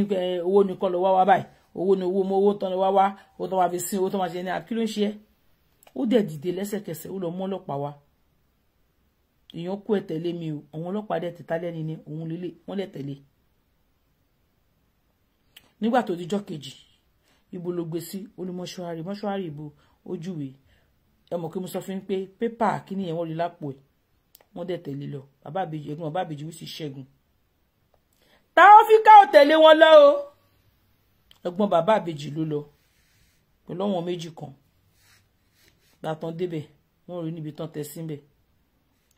owó nìkan lọ wá wá báyìí owó ni owó mọ owó tán lọ wá wá owó tán wá fi sin owó tán wá fi ẹni àbí kí ló ń ṣe é ó dẹ̀ dìde lẹ́sẹ̀kẹsẹ̀ ó lọ mú ọlọ́pàá wá èèyàn kú ẹ̀ tẹ̀lé mi o àwọn ọlọ́pàá dẹ̀ tẹ̀ta lẹ́ni ni òun lélẹ̀ wọ́n lẹ̀ tẹ̀lé e nígbà tó dijọ́ kejì ibo ló gbé sí ó ní mọ́ṣúárì mọ́ṣúárì ibo ojúwe ẹ mọ̀ pé mo sọ fún yín pé pépà kíní yẹn wọ́n rí lápò ẹ̀ wọ́n dẹ̀ tẹ̀lé lọ bàbá àbèjì ẹ̀gbọ́n bàbá àbèjì wíṣí ṣẹ́gun táwọn fi ká ò tẹ̀lé wọn lọ o ẹ̀gbọ́n bàbá àbèjì ló lọ pẹ̀lú àwọn méjì kan gbàtàn débẹ̀ wọ́n rí níbi tán tẹ̀ síbẹ̀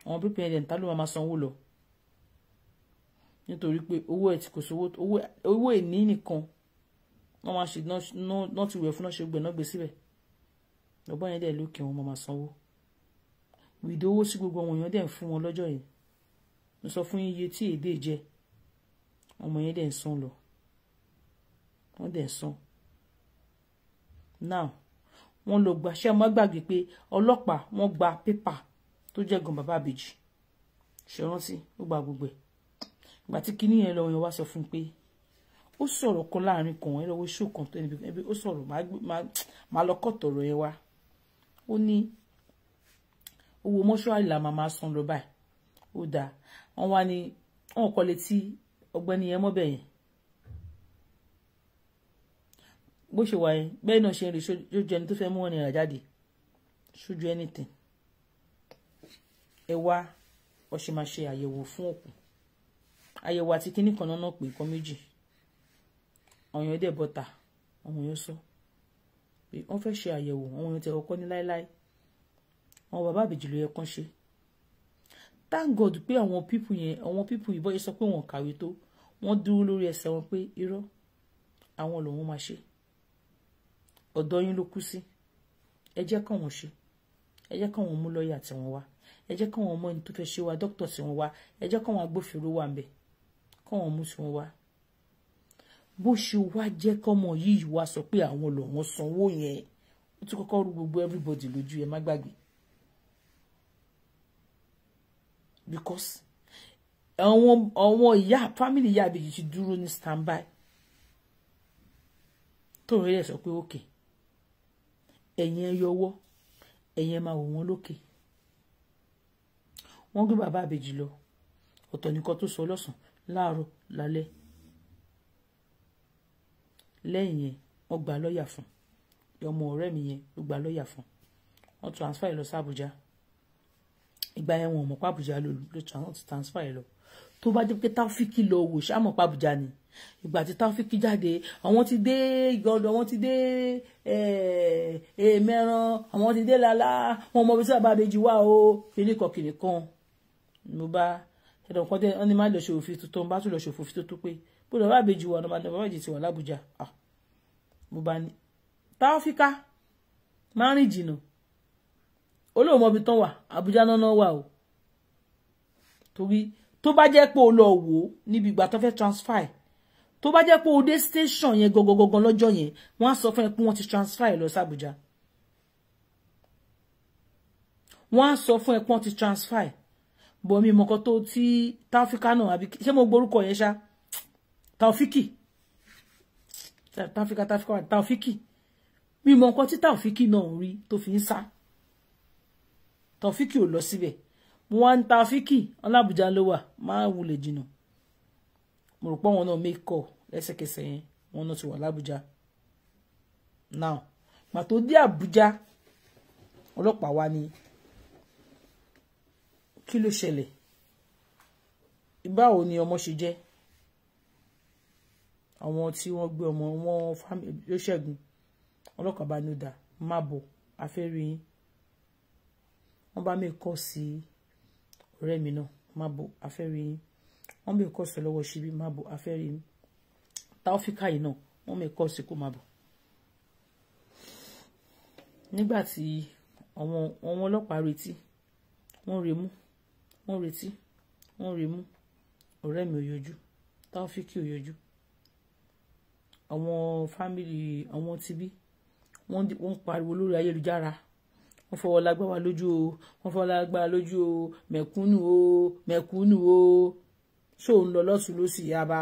àwọn pípẹ́ ẹ̀dẹ̀ ń ta máa sanwó lọ nítorí pé owó ẹ̀ tí kò sówó owó ìní nìkan wọ́n máa ṣe náà ti wẹ̀ fún náà ṣe gbẹ̀ náà gbé síbẹ̀ lọ́gbọ́n yẹn dẹ̀ lókè wọn máa sanwó ìdówó sí gbogbo àwọn èèyàn dẹ̀ ń fún wọn lọ́jọ́ yẹn mo sọ fún iye tí èdè jẹ ọmọ yẹn dẹ̀ ń san lọ wọ́n dẹ̀ ń san now wọ́n lọ gba ṣé ọmọ gbàgbé pé ọlọ́pàá wọ́n gba pépà tó jẹ́ gan bàbá àbèjì ṣe rántí ó gba gbogbo ẹ̀ ìgbà tí kinní yẹn lọ́wọ́ yẹn wá sọ fún un pé ó sọ̀rọ̀ kan láàrin kan ẹ lọ́wọ́ ṣó kan tó ẹni ó sọ̀rọ̀ máa lọ kọ́ tọ̀rọ̀ yẹn wá ó ní owó mọ́ṣúárì là máa máa san lọ báyìí ó dáa wọ́n wá ní wọ́n kọ́ létí ọgbẹ́ni yẹn mọ́bẹ̀ yẹn bó ṣe wà yẹn bẹ́ẹ̀ náà ṣe ń rí sójú ẹni tó fẹ́ mú wọn nira jáde sójú anything ewa wá ọṣẹ máa ṣe àyẹ̀wò fún òkú àyẹ̀wò àti kínní kan náà pé nǹkan méjì àwọn èèyàn dẹ̀ bọ́ta àwọn èèyàn sọ pé wọ́n fẹ́ ṣe àyẹ̀wò àwọn èèyàn tẹ̀ kọ́kọ́ ní láéláé àwọn bàbá àbèjì ló yẹ kán ṣe thank god pé àwọn pípù yẹn àwọn pípù yìí bọ́yẹ sọ pé wọ́n kàwé tó wọ́n dúró lórí ẹsẹ̀ wọn pé irọ́ àwọn lòun máa ṣe ọ̀dọ́ yín ló kú sí ẹ jẹ́ kàn wọ́n ṣe ẹ jẹ́ kàn wọ́n mú lọ́ọ̀yà tí wọ́n wá ẹ jẹ́ kàn wọ́n mọ ẹni tó fẹ́ ṣe wá dókítà tí wọ́n wá ẹ jẹ́ kàn wọ́n agbófinró wà ń bẹ̀ kọ́wọn mú tiwọn wá bó ṣe wá jẹ́ kọ́mọ yìí wá sọ pé àwọn lọ́wọ́ sanwó yẹn ó tún kọ́kọ́ rú gbogbo everybody lójú ẹ má gbàgbé because àwọn àwọn ìyá family ìyá àbèjì ti dúró ní standby tóun rẹ̀ sọ pé okay. ẹ̀yin ẹ yọwọ́ ẹ̀yin ẹ máa wò wọ́n lókè wọ́n gbé bàbá àbèjì lọ ọ̀tọ̀ nìkan tó sọ láàárọ̀ lálẹ́ lẹ́yìn yẹn wọ́n gba lọ́ọ̀yà fún ọmọ ọ̀rẹ́ mi yẹn ló gba lọ́ọ̀yà fún wọ́n transfer ẹ̀ lọ sí Àbújá ìgbà yẹn wọn ò mọ̀ pé Àbújá ló transfer ẹ̀ lọ tó bá jẹ́ pé Táfíkì lọ wò ṣáàmọ̀ pé Àbújá ni ìgbà tí Táfíkì jáde àwọn ti dé ìgọdọ àwọn ti dé èèmẹran eh, àwọn ti dé lálá wọn mọ bí sábà méjì wá o kìnìkan kìnìkan mo bá ṣẹ̀dọ̀ kan tẹ́ ọ́n ní má lọ ṣe òfin tuntun bá tún lọ ṣe òfin tuntun pé bó lọ bá bèjì wà ọ̀nà bàbá ìjì ti wà lábújá mo bá ní táwọ́fíkà máa rìn jìnnà olóòmọbi tán wà àbújá náná wà o torí tó bá jẹ́ pé o lọ wò ó níbi ìgbà tó fẹ́ transfer tó bá jẹ́ pé o dé station yẹn gangan lọ́jọ́ yẹn wọ́n á sọ fún ẹ pé wọ́n ti transfer ẹ lọ sábújá wọ́n á sọ fún ẹ pé wọ́n ti transfer ẹ bọ̀ mi mọ̀kọ́ tó tí táfíkà náà àbí ṣé mo gborúkọ yẹn ṣá táfíkì táfíkà táfíkà táfíkì mi mọ̀kọ́ tí táfíkì náà rí tó fi ń sá táfíkì ò lọ síbẹ̀ mo wá ń táfíkì ọlábùjá ló wà máa wulẹ̀ jìnnà mo rò pé wọn náà mẹ́kọ̀ lẹ́sẹ̀kẹsẹ̀ yẹn wọn náà ti wà lábùjá now pàtó dé àbújá ọlọ́pàá wa ni kí ló ṣẹlẹ̀ báwo ni ọmọ ṣe jẹ́ àwọn tí wọ́n gbé ọmọ wọn ló ṣẹ́gun ọlọ́kàá bá ní ó dà má bọ̀ afẹ́rí yín wọ́n bá mi kọ́ sí ọ̀rẹ́ mi náà má bọ̀ afẹ́rí yín wọ́n mi kọ́ sí lọ́wọ́ ṣíbí má bọ̀ afẹ́rí yín táọ́fíkà yìí náà wọ́n mi kọ́ sí kó má bọ̀ nígbà tí àwọn ọlọ́pàá retí wọ́n remú wọ́n retí wọ́n rí mú ọ̀rẹ́ mi ò yọjú Taofiki ò yọjú àwọn fámìlì àwọn tibí wọ́n wọ́n pariwo lórí ayélujára wọ́n fọwọ́ lágbára lójú o wọ́n fọwọ́ lágbára lójú o mẹ̀kúnnù o mẹ̀kúnnù o ṣó ń lọ lọ́sùn lọ́sì yaba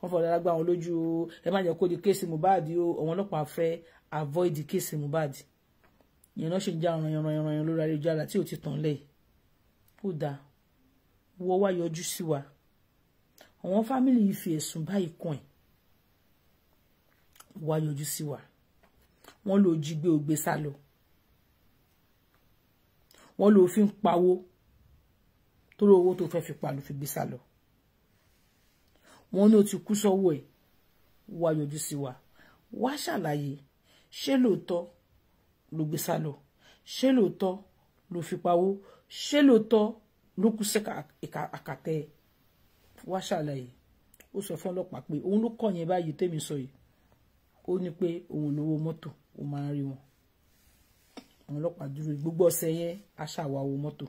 wọ́n fọwọ́ lágbára wọn lójú o ẹ má jẹ́ kó di kéèsì Mohbad o àwọn ọlọ́pàá fẹ́ avoid kéèsì Mohbad ìyẹn náà ṣe ń já ọ̀ràn yanranyanran lórí ayélujára tí ò ti tàn lẹ́yìn kódà wọ́n wá yọjú sí wa àwọn fámìlì yìí fi ẹ̀sùn báyìí kàn ẹ́ wá yọjú sí wa wọ́n lò jí gbé ògbé sá lọ wọ́n lò fi ń pawó torí owó tó fẹ́ fi pa ló fi gbé sá lọ wọ́n ní ti kú sọ́wọ́ ẹ̀ wá yọjú sí wa wá ṣàlàyé ṣé lóòótọ́ ló gbé sá lọ ṣé lóòótọ́ ló fi pawó ṣé lóòótọ́ ló kú sí àkàtẹ́ ẹ̀ wá ṣàlàyé ó sọ fún ọlọ́pàá pé òun ló kọ̀ yẹn báyìí tèmi sọ yìí ó ní pé òun lówó mọ́tò ó máa rí wọn àwọn ọlọ́pàá dúró gbogbo ọ̀sẹ̀ yẹn aṣàwáwo mọ́tò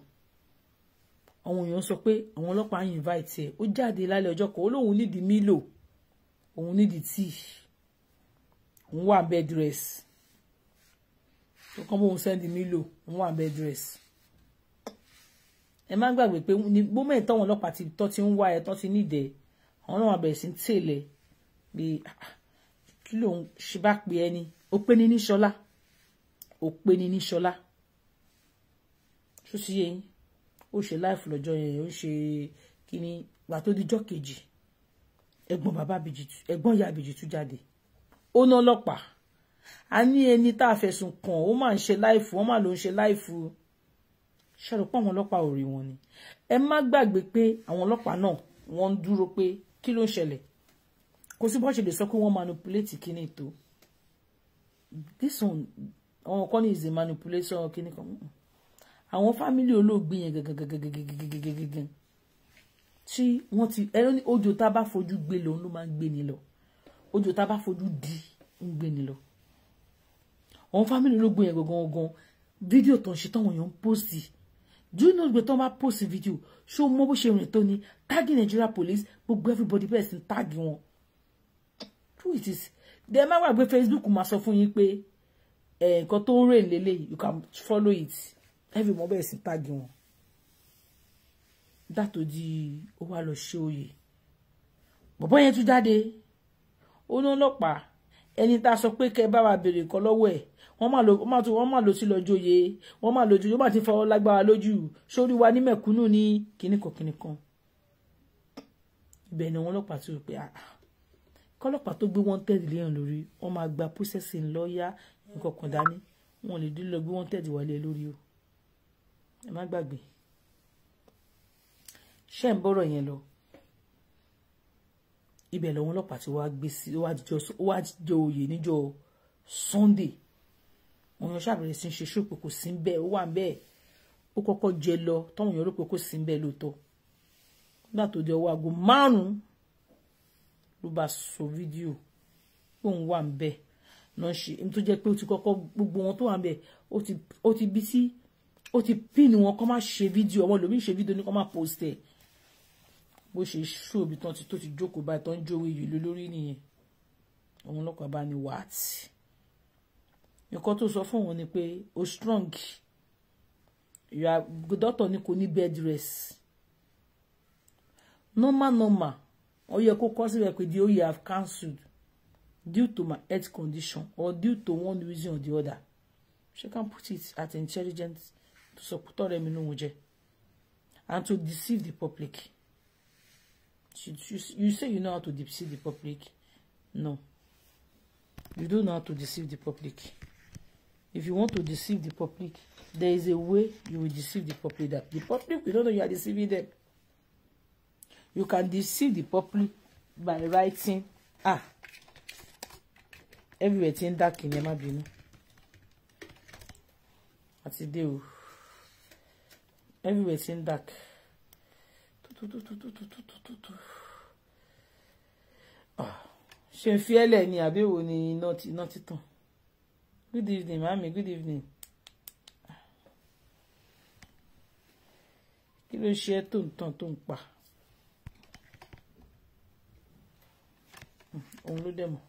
àwọn èèyàn sọ pé àwọn ọlọ́pàá yìí invite ẹ̀ ó jáde lálẹ́ ọjọ́ kan ó lóun nídìí mílò òun nídìí tíì òun wà bed rest tó kàn bóun sẹ́ndì mílò òun wà bed rest ẹ má gbàgbé pé ní gómìnà táwọn ọlọ́pàá ti tọ́ ti ń wá ẹ tọ́ ti nídẹ̀ẹ́ àwọn náà bẹ̀rẹ̀ sí ń tèlè bí kí ló ń ṣe bá pe ẹni ó pé ní níṣọlá ó pé ní níṣọlá ṣùsí yẹn ó ṣe láìfù lọ́jọ́ yẹn ó ṣe kíní wà tó dijọ́ kejì ẹ̀gbọ́n bàbá Bèjìtú ẹ̀gbọ́n ìyá Bèjìtú jáde ó ná ọlọ́pàá a ní ẹni tá a fẹ̀sùn kàn ó máa ń ṣe láìfù wọ́n máa ló ń ṣe láìfù o ṣàrò pé àwọn ọlọ́pàá ò rí wọn ni ẹ má gbàgbé pé àwọn ọlọ́pàá náà wọ́n ń dúró pé kí ló ń ṣẹlẹ̀ kò sí bọ́ọ̀ṣì lè sọ pé wọ́n manipulate kíní tó this one àwọn kan ní is a manipulation kíní kan àwọn fámìlì olóògbé yẹn gẹ́gẹ́gẹ́gẹ́gẹ́gẹ́gẹ́gẹ́gẹ́ tí wọ́n ti ẹ̀rọ ní ọjọ́ tá a bá fojú gbé lòun ló máa ń gbé ni lọ ọjọ́ tá a bá fojú di ń gbé ni lọ àwọn fámìlì olóògbé yẹn gangan fídíò tó ń ṣe táwọn èèyàn ń pósìtì do you know gbé tán bá post video ṣó mọ bó ṣe rìn tó ni tágì Nigeria police gbogbo everybody bẹ̀rẹ̀ sí tágì wọn true it is dem má wà gbé Facebook máa sọ fún yín pé Eh, tó ń rìn lélẹ̀ you can follow it everyone bẹ̀rẹ̀ sí tágì wọn dàtò di ó wá lọ ṣe oyè bọ̀bọ́ yẹn tún jáde ó ní ọlọ́pàá ẹni tá a sọ pé kẹ́ bá wa béèrè nǹkan lọ́wọ́ ẹ̀ wọ́n máa lọ wọ́n máa tún wọ́n máa lọ sí lọ joyè wọ́n máa lọ joyè wọ́n máa ti fọwọ́ lágbára lójú sórí wa ní mẹ̀kúnnù ní kíníkan kíníkan ibẹ̀ ni wọ́n lọ́pàá tó pé ah, ah. kọ́lọ́pàá tó gbé wanted léèyàn lórí wọ́n máa gba processing lọ́ọ́yà nǹkan kan dání wọn ò lè dín lọ gbé wanted wálé e lórí o ẹ má gbàgbé ṣé ń bọ́rọ̀ yẹn lọ ibẹ̀ lọ́wọ́n ọlọ́pàá tí wàá gbé sí wàá jọ oyè níjọ́ Sunday àwọn èèyàn ṣàbẹ̀rẹ̀ sí ń ṣe ṣùpò kò sí ń bẹ́ẹ̀ ó wà ń bẹ́ẹ̀ ó kọ́kọ́ jẹ lọ táwọn èèyàn rò pé kò sí ń bẹ́ẹ̀ lóòótọ́ nígbà tó di ọwọ́ aago márùn-ún ló bá sọ fídíò pé òun wà ń bẹ́ẹ̀ náà ṣe tó jẹ́ pé ó ti kọ́kọ́ gbogbo wọn tó wà bẹ́ẹ̀ ó ti bí sí ó ti pín wọn kọ́ máa ṣe fídíò ọwọ́ lómi ṣe fídíò ní kọ́ máa post ẹ̀ bó ṣe ṣóòbí tó ti jókòó báyìí tán ń jó yìí lólórí nìyẹn òun lọ́kọ̀ọ́ bá ní wàá tì í nǹkan tó sọ fún wọn ni pé o strong dọ́tọ̀ ni kò ní bed rest normal normal ó yẹ kó kọ́ síbẹ̀ pé the oye have cancelled due to my health condition or due to one reason or the other she can put it at intelligent to support ọ̀rẹ́ mi nù wọn jẹ and to deceive the public you, you, you say you know how to deceive the public no you don't know how to deceive the public. If you want to deceive the public, there is a way you will deceive the public. That the public, you don't know you are deceiving them. You can deceive the public by writing, ah, everywhere tí ń dà kí ni ẹ má bínú. Àti dé o, everywhere tí ń dà kí. Ah, ṣé ń fi ẹlẹ̀ ni àbẹ̀wò ni iná títàn? good evening mami good evening kí ló ṣe tó ń tàn tó ń pa òun ló dẹ̀ mọ̀.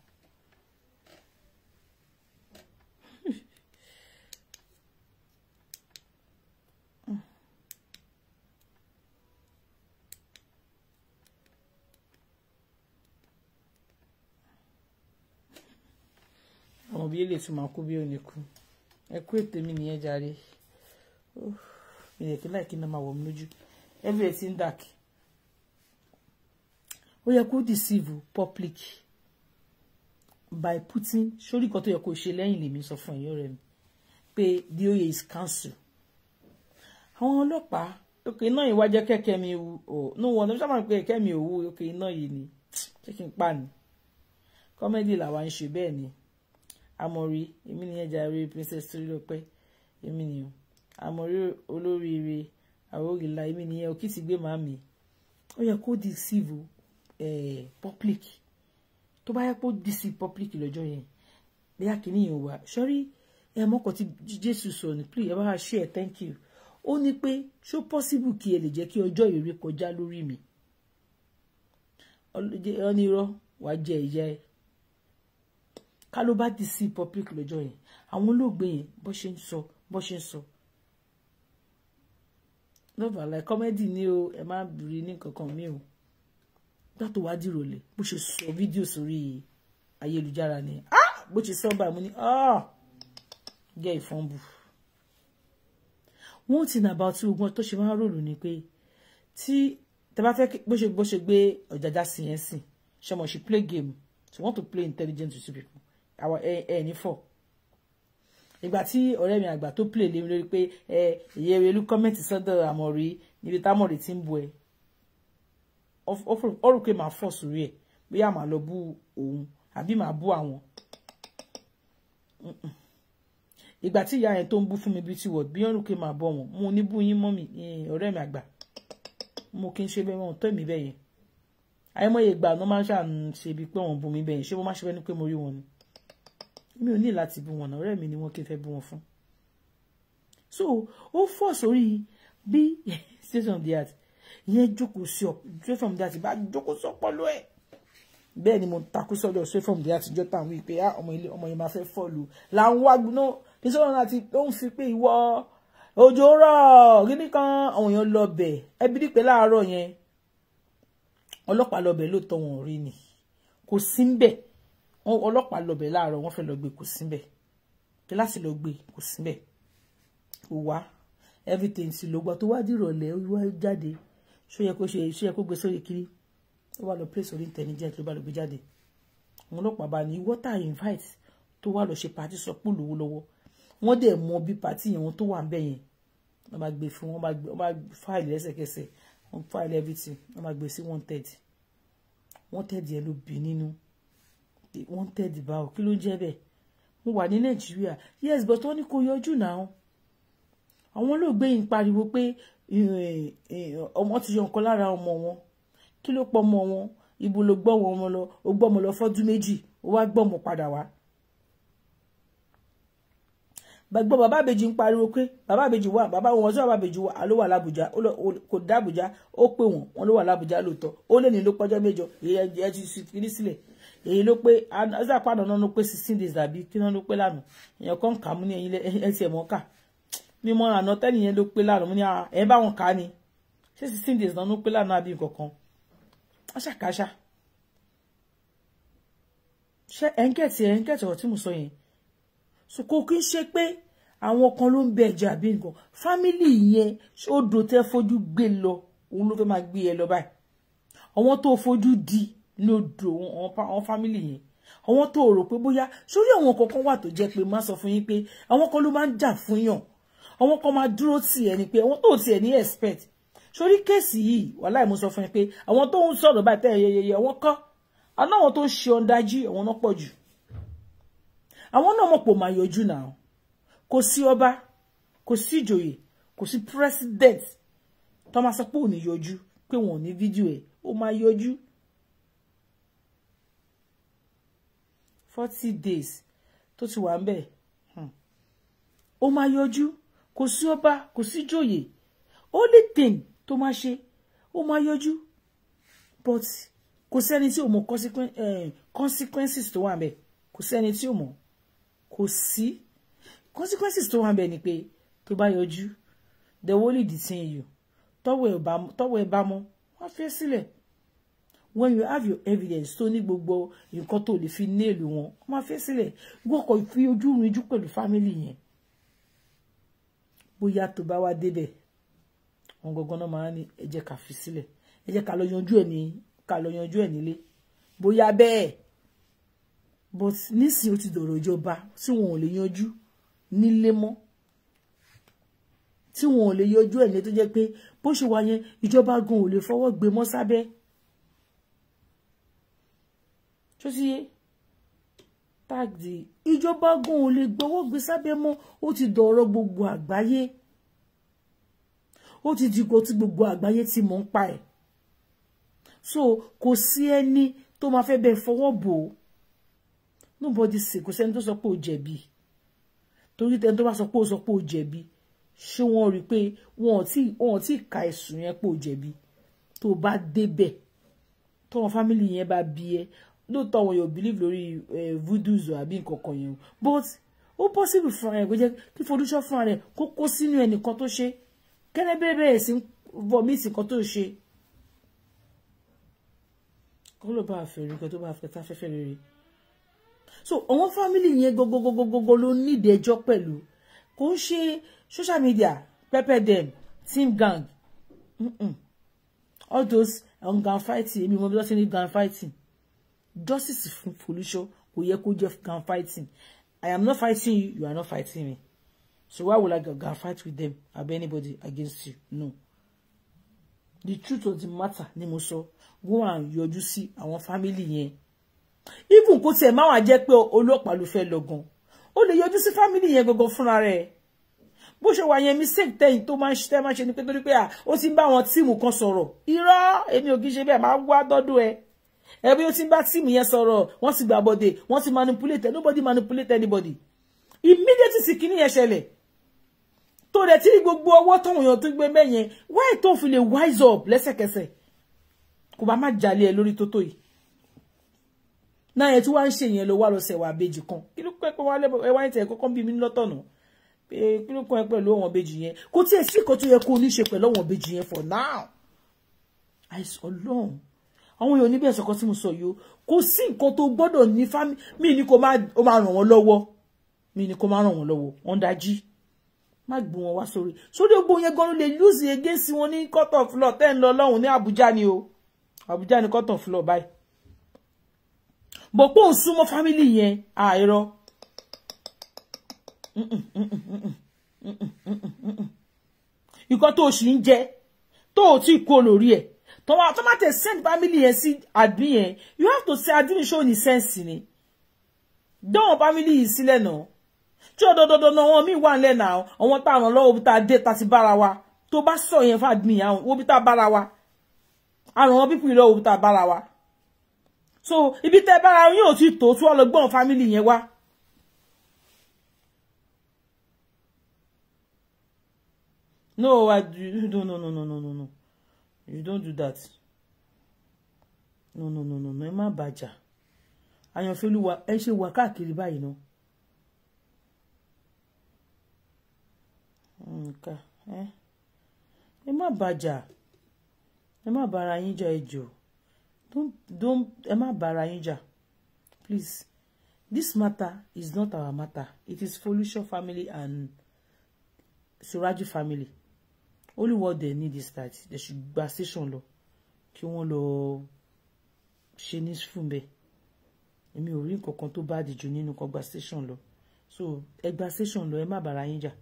mọ̀ bí èlé tún máa kú bí ò ní kú ẹ kú ètè mi nìyẹn jàre ìrèké láì kí n máa wọ̀ mí lójú everything dark ó yẹ kó deceive public by putting sórí nǹkan tó yẹ kó ṣe lẹ́yìn lèmi sọ fún ẹ̀yìn rẹ̀ mi pé the oye is cancel àwọn ọlọ́pàá òkè iná yìí wá jẹ́ kẹ́kẹ́ mi wú ò ní wọn ní sábà pé kẹ́mi ò wú òkè iná yìí ni kí n pa ni kọ́mẹ́dì làwa ń ṣe bẹ́ẹ̀ ni amọ̀rí èmi nìyẹn jàre princess torílọpẹ́ èmi nìyẹn amọ̀rí olóríire àwòrìlà èmi nìyẹn òkìtì gbé màmí ó yẹ kó deceive public tó bá yẹ kó deceive public lọ́jọ́ yẹn bóyá kìíní yẹn wà sọ́rí ẹ mọ́kọ̀ tí jésù sọ ní please ẹ bá wa share thank you ó ní pé ṣó possible kí ẹ lè jẹ́ kí ọjọ́ ìrè kọjá lórí mi ọ ní irọ́ wàá jẹ ìyá ẹ ká ló bá dì sí public lọ́jọ́ yẹn àwọn olóògbé yẹn bó ṣe ń sọ bó ṣe ń sọ lọ́bàá láì kọ́mẹ́dì ni o ẹ má bìrì ní kankan mi o gbà tó wá dìrọ̀lẹ́ bó ṣe sọ fídíò sórí ayélujára ni ah! bó ṣe sọ báyìí mo ní ah! jẹ́ ìfọ́nbù one thing about ogun tó ṣe máa ń ròlù ni pé tí tẹ bá fẹ́ bó ṣe bó ṣe gbé ọ̀jàjà sí yẹn sìn ṣọmọ she play game she want to play intelligent with people àwọn ẹ ẹ ní fọ ìgbà tí ọ̀rẹ́ mi àgbà tó play lé mi lórí pé ẹ ìyẹ́ rẹ lú kọ́mẹ́ǹtì sọ́dọ̀ àmọ̀rí níbi támọ̀rí ti ń bu ẹ ó rò pé màá fọ̀ sórí ẹ̀ bóyá màá lọ bú òun àbí màá bú àwọn ìgbà tí ìyá yẹn tó ń bú fún mi beauty world bí ọ̀rùn pé màá bọ̀ wọ́n mo ní bú yín mọ́ mi ọ̀rẹ́ mi àgbà mo kí n ṣe bẹ́ẹ̀ wọ́n tó èmi bẹ́ẹ̀ yẹn àyẹ̀mọ́ ìgbà ló máa ń ṣàṣe bíi pé wọ́n bú mi bẹ́ẹ̀ yẹn ṣé mo máa ṣe bẹ́ẹ̀ ni pé mo rí wọn ni mi ò ní láti bú wọn náà ọ̀rẹ́ mi ni wọ́n kí n fẹ́ bú wọn so ó fọ̀ sórí bí station of the art ìyẹn jókòó sí ọ straight from the art bá jókòó sí ọpọlọ ẹ bẹ́ẹ̀ ni mo takú sọ́dọ̀ straight from the art jọ tàn wí pé ah, ọmọ ilé ọmọ yẹn máa fẹ́ fọ́ọ̀lù là ń wá gbóná kí sọ́dọ̀ náà ti ó ń fi pé ìwọ òjò rọ̀ kíní kan àwọn èèyàn lọ bẹ̀ ẹbí dípẹ láàárọ̀ yẹn ọlọ́pàá lọ bẹ̀ lóòótọ́ wọn ò rí ni kò sí ń bẹ̀ ọlọ́pàá lọ́bẹ̀ láàárọ̀ wọ́n fẹ́ lọ gbé kò síbẹ̀ kíláàsì lọ gbé kò síbẹ̀ kò wá everything sì ló gbọ́ tó wá dìrọ̀lẹ́ wá jáde ṣó yẹ kó ṣe ṣó yẹ kó gbé sórí kiri ó wá lọ play sórí intelligent ló bá lọ gbé jáde àwọn ọlọ́pàá bá ní water invite tó wá lọ ṣe pàtí sọ pé lówó lọ́wọ́ wọ́n dẹ̀ mọ bí pàtí yẹn wọn tó wà ń bẹ̀ yẹn wọ́n máa gbé fún wọ́n máa file lẹ́sẹ̀kẹsẹ̀ wọ́n fáìlì everything wọ́n máa gbé sí one thirty one thirty yẹn ló bí nínú wanted báwo kí ló ń jẹ́ bẹ́ẹ̀ mo wà ní nàìjíríà yes but wọ́n ní kò yọjú náà àwọn olóògbé yìí ń pariwo pé eh, eh, ọmọ ti yọ nǹkan lára ọmọ wọn kí ló pọ̀ ọmọ wọn ibo ló gbọ́ wọn ọmọ lọ ó gbọ́ ọmọ lọ fọ́dún méjì ó wá gbọ́ ọmọ padà wá. gbọ́ bàbá àbèjì ń pariwo pé bàbá àbèjì wà bàbá wọn ọjọ́ bàbá àbèjì wà ló wà lábùjá kò dá àbùjá ó pè wọ́n wọn ló wà lábùjá lóòótọ́ ó lè ní ló pọ́jọ́ méjọ ìyẹn ẹ ti fi ní sílẹ̀ èyí ló pé ọ́sàpá náà ló pé sixteen days àbí kí náà ló pé lánàá èèyàn kan kà mú ní ẹyin ẹsẹ̀ mọ́ kà ní mọ́ àná tẹ́lẹ̀ yẹn ló pé lánàá mo ní ẹ bá wọn kà á ni ṣé sixteen days náà ló pé lánàá àbí nǹkankan ọ̀ṣàkàṣà ṣé ẹ̀ńkẹ̀tì ẹ̀ńkẹ̀tì ọ̀rọ̀ tí mo sọ yẹn so kò kí ń ṣe pé àwọn kan ló ń bẹ ẹ̀jẹ̀ àbí nǹkan fámìlì yẹn odò tẹ́ fojú gbé lọ òun ló fẹ́ máa gbé ẹ lọ báyìí àwọn tó fojú di lódò àwọn fámìlì yẹn àwọn tó rò pé bóyá sórí àwọn kankan wà tó jẹ́ pé má sọ fún yín pé àwọn kan ló máa ń jà fún yàn àwọn kan máa dúró tì ẹ́ ni pé àwọn tó tì ẹ́ ní expect sórí kéèsì yìí wàláì mo sọ fún yín pé àwọn tó ń sọ̀rọ̀ báyìí tẹ́ yẹyẹyẹ àwọn kan àná àwọn tó ń ṣe ọ̀dájú àwọn náà pọ̀ jù àwọn náà mọ̀ pò máa yọjú náà kò sí ọba kò sí ìjòyè kò sí president tó máa sọ pé òní yọjú pé wọn ò ní fídíò ẹ̀ ó máa yọjú forty days tó ti wà ń bẹ̀ hmm. ó máa yọjú kò sí ọba kò sí jòyè only thing tó máa ṣe ó máa yọjú but kò sẹ́ni tí ò mọ̀ eh, consequences tó wà ń bẹ̀ kò sẹ́ni tí ò mọ̀ kò sí consequences tó wà ń bẹ̀ ni pé tó bá yọjú they only detain you tọ́wọ́ ẹ̀ bá mọ́ wọ́n fẹ́ sílẹ̀. Si when you have your evidence tó ní gbogbo nǹkan tó lè fi néèlù wọn ó máa fi sílẹ̀ gbọ́kọ̀ fi ojú rinjú pẹ̀lú fámìlì yẹn bóyá tó bá wá débẹ̀ wọn gangan náà máa ní ẹ jẹ́ ká fi sílẹ̀ ẹ jẹ́ lọ yanjú ẹ̀ ní ká lọ yanjú ẹ̀ nílé bóyá bẹ́ẹ̀ but nísìnyí ó ti dọ̀rọ̀ ìjọba tí wọn ò lè yanjú nílé mọ́ tí wọn ò lè yanjú ẹ̀ ní tó jẹ́ pé bó ṣe wà yẹn ìjọba gan ò lè fọwọ́ gbé mọ́ sábẹ́ ṣó ti yé táàgì ìjọba gan ò lè gbowó gbé sábẹ́ mọ́ ó ti dọ̀rọ̀ gbogbo àgbáyé ó ti dìgbò tí gbogbo àgbáyé ti mọ̀ ń pa ẹ̀ so kò sí ẹni tó máa fẹ́ bẹ́ẹ̀ fọwọ́ bò ó nobody sì kò sẹ́ni tó sọ pé ó jẹ̀bi torí tẹni tó bá sọ pé ó sọ pé ó jẹ̀bi ṣé wọ́n rí i pé wọn ò tí ì ka ẹ̀sùn yẹn pé ó jẹ̀bi tó bá débẹ̀ tọ́wọ́n fámìlì yẹn bá bí ẹ lóòótọ́ àwọn èèyàn believe lórí eh, voodoos àbí nǹkan kan yẹn but ó possible fúnra rẹ̀ kó jẹ́ kí Fọdúṣọ́ fúnra rẹ̀ kó kó sínú ẹnìkan tó ṣe kẹ́lẹ́ bẹ́ẹ̀ bẹ́ẹ̀ sí vomit nǹkan tó ṣe kó ló bá fẹ́ rí nǹkan tó bá fẹ́ tá fẹ́fẹ́ rere so àwọn fámìlì yẹn gogogogogogo ló nídìí ẹjọ́ pẹ̀lú kò ń ṣe social media pepper dem team gang mm -mm. all those um, gang fighting èmi mo bí wọ́n ti ní gang fighting justice fún Folúṣọ kò yẹ kó jẹ́ gang fighting I am not fighting you you are not fighting me so why would I go fight with them abi anybody against you no the truth of the matter ni mo sọ go and yọjú sí àwọn family yẹn even kó tiẹ̀ máa wà jẹ́ pé ọlọ́pàá ló fẹ́ lọ gan ó lè yọjú family yẹn gangan fúnra rẹ̀ bó ṣe wà yẹn mistake tẹ́yìn tó máa ń ṣe máa ń ṣe ni pé torí pé ah, ó ti ń bá àwọn tíìmù kan sọ̀rọ̀ irọ́ èmi ò kì í ṣe bẹ́ẹ̀ máa wá dọ́dún ẹbí ó ti ń bá tíìmù yẹn sọ̀rọ̀ wọ́n ti gbàbọ̀dè wọ́n ti manipulate nobody manipulate anybody immediately sì kíní yẹn ṣẹlẹ̀ tó rẹ̀ tí gbogbo ọwọ́ tọ̀hún yẹn tó gbé mẹ́yẹn why tó fi lè wise up lẹ́sẹ̀kẹsẹ̀ kò bá má jalè ẹ lórí tótó yìí náà yẹn tí wàá ń ṣe yẹn ló wà lọ sẹ̀wà àbejì kan kí ló pẹ́ pé wọ́n ẹ wá ní tẹ̀ kọ́kọ́ bí mi lọ́tọ̀nà pé kí ló kọ́ ẹ pẹ̀lú ọ̀wọ́n àbejì yẹn kò tiẹ̀ sí ìkọ́ yẹ kó o ní ṣe pẹ̀lú ọ̀wọ́n àbejì yẹn for now àìsàn ọlọ́run àwọn èèyàn níbẹ̀ ṣọ̀kan tí mo sọ yìí o kò sí nǹkan tó gbọ́dọ̀ ní fámì mí ni kò máa ràn wọ́n lọ́wọ́ mí ni kò máa ràn wọ́n lọ́wọ́ wọ́n dájí má gbé wọn wá sórí sórí gbogbo yẹn gan lè lùsì against wọn ní court of law tẹ́ ń lọ lọ́hùn ní Àbújá ni o abuja ni court of law báyìí bọ̀ pé òun súnmọ́ fámìlì yẹn àìrọ nǹkan tó o sì ń jẹ tó o ti kó lórí ẹ̀ tó wá tó má tẹ̀ send family yẹn sí admin yẹn you have to say admin show ní sense ni dánwò family yìí sílẹ̀ náà tí ọ̀dọ̀dọ̀dọ̀ náà wọn míì wà nílẹ̀ náà àwọn tá a ràn lọ́wọ́ bí tá a dé tá a ti bára wa tó bá sọ yẹn fún admin yẹn wo bí tá a bára wa a ràn wọn pípì lọ́wọ́ bí tá a bára so ibi tẹ́ bára yóò ti tó tí wọ́n family yẹn wá. No, I do. No, no, no, no, no, no, no you don't do that no no no no no ẹ má bàjà àyànfẹ́ olúwa ẹ ṣe wà káàkiri báyìí náà. nǹkan ẹ ẹ má bàjà ẹ má bára yín don't don't ẹ bara bára please this matter is not our matter it is Folusho family and Suraju family only what they need is that they should gba station lo. kí wọ́n lọ ṣe ní fún bẹ́ẹ̀ èmi ò rí nǹkan kan tó bá dìjú nínú kan gba station lo. so ẹ gba station lọ ẹ má bàrà yín jà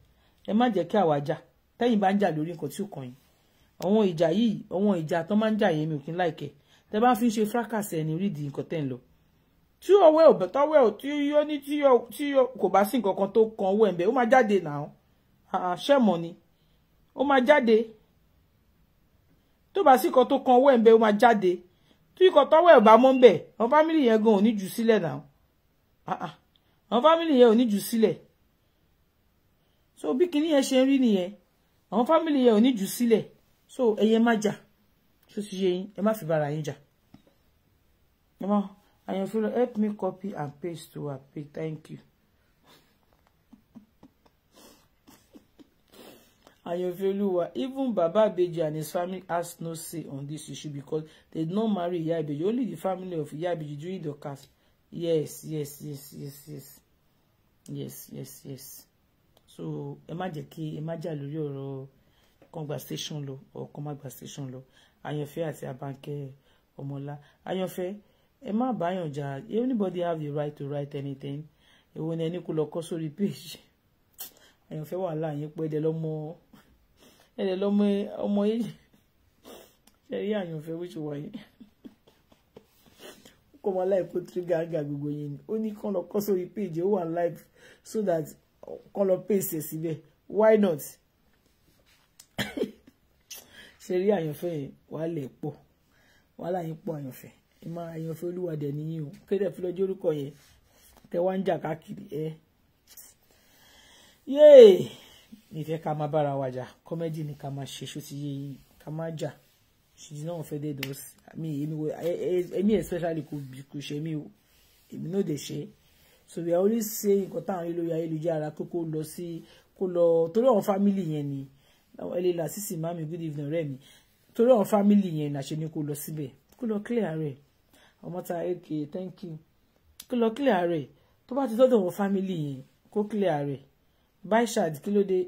ẹ má jẹ́ kí àwa jà tẹ́yìn bá ń jà lórí nǹkan tí ò kàn yín àwọn ìjà yìí àwọn ìjà tó máa ń jà yẹn mi ò kí ń láìkẹ́ tẹ́ bá fi ń ṣe fracas ẹni rí di nǹkan tẹ́ ń lọ tí ọwẹ́ ò tọ́wẹ́ ò tí ó ní tí kò bá sí nǹkan kan tó kan owó ẹ̀ ń bẹ̀ ó máa jáde náà ṣẹ́mọ̀ ni ó máa jáde tó bá sí kan tó kan ọwọ́ ẹ̀ ń bẹ ó máa jáde tó ikọ̀ tọ́wọ́ ẹ̀ bá mọ́ ń bẹ̀ àwọn fámìlì yẹn gan ò ní jù sílẹ̀ náà ah, ah. àwọn fámìlì yẹn ò ní jù sílẹ̀ so bí kinní yẹn ṣe ń rí nìyẹn àwọn fámìlì yẹn ò ní jù sílẹ̀ so ẹyẹ má jà tó ti yé yín ẹ má fi bára yín jà àyànfẹ́ help me copy and paste to her page thank you. Ayọ̀fẹ́lúwa, even Baba Ibeji and his family has no say on this issue because they did not marry Iya only the family of Iya during the cast. Yes, yes, yes, yes, yes. Yes, yes, yes. So, imagine ki, imagine kí ẹ lo jà lórí or conversation lo. gba station lọ. Ayọ̀fẹ́ àti Abánkẹ́ Ọmọlá. Ayọ̀fẹ́, ẹ má Anybody have the right to write anything? Èwo ni ẹni kò lọ kọ́ sórí wala. Ayọ̀fẹ́ wàhálà yín pé ẹ̀dẹ̀ ẹ̀rẹ̀ lọ́mọ ọmọ yìí ṣe rí àyànfẹ́ bó ṣe wáyé kó máa láìpẹ́ tírí gàgà gbogbo yẹn ó ní kán lọ kọ́ sórí péjì ó wà live so that kán lọ pèsè síbẹ̀ why not ṣe rí àyànfẹ́ yẹn wàá lè pọ̀ wàhálà yín pọ̀ àyànfẹ́ ẹ máa àyànfẹ́ olúwadẹ̀ nìyí o kéde fúlọ́jọ́ orúkọ yẹn tẹ wá ń jà káàkiri ẹ. yéè ní ìfẹ́ ká máa bára wa jà kọ́mẹ́dì ni ká máa ṣe ṣó ti yé yìí ká máa jà she did not offend us mi èmi especially kò kò ṣe mí o èmi náà dé ṣe so we are always saying nǹkan táwọn olórí ayélujára pé kó lọ sí kó lọ torí àwọn family yẹn ni ẹlẹ́la sísì mami good evening ọ̀rẹ́ mi torí àwọn family yẹn náà ṣe ni kó lọ síbẹ̀ kó lọ clear rẹ̀ ọmọta eke thank you kó lọ clear rẹ̀ tó bá ti dọ́dọ̀ àwọn family yẹn kó clear rẹ̀ báyìí ṣáàdì kí ló dé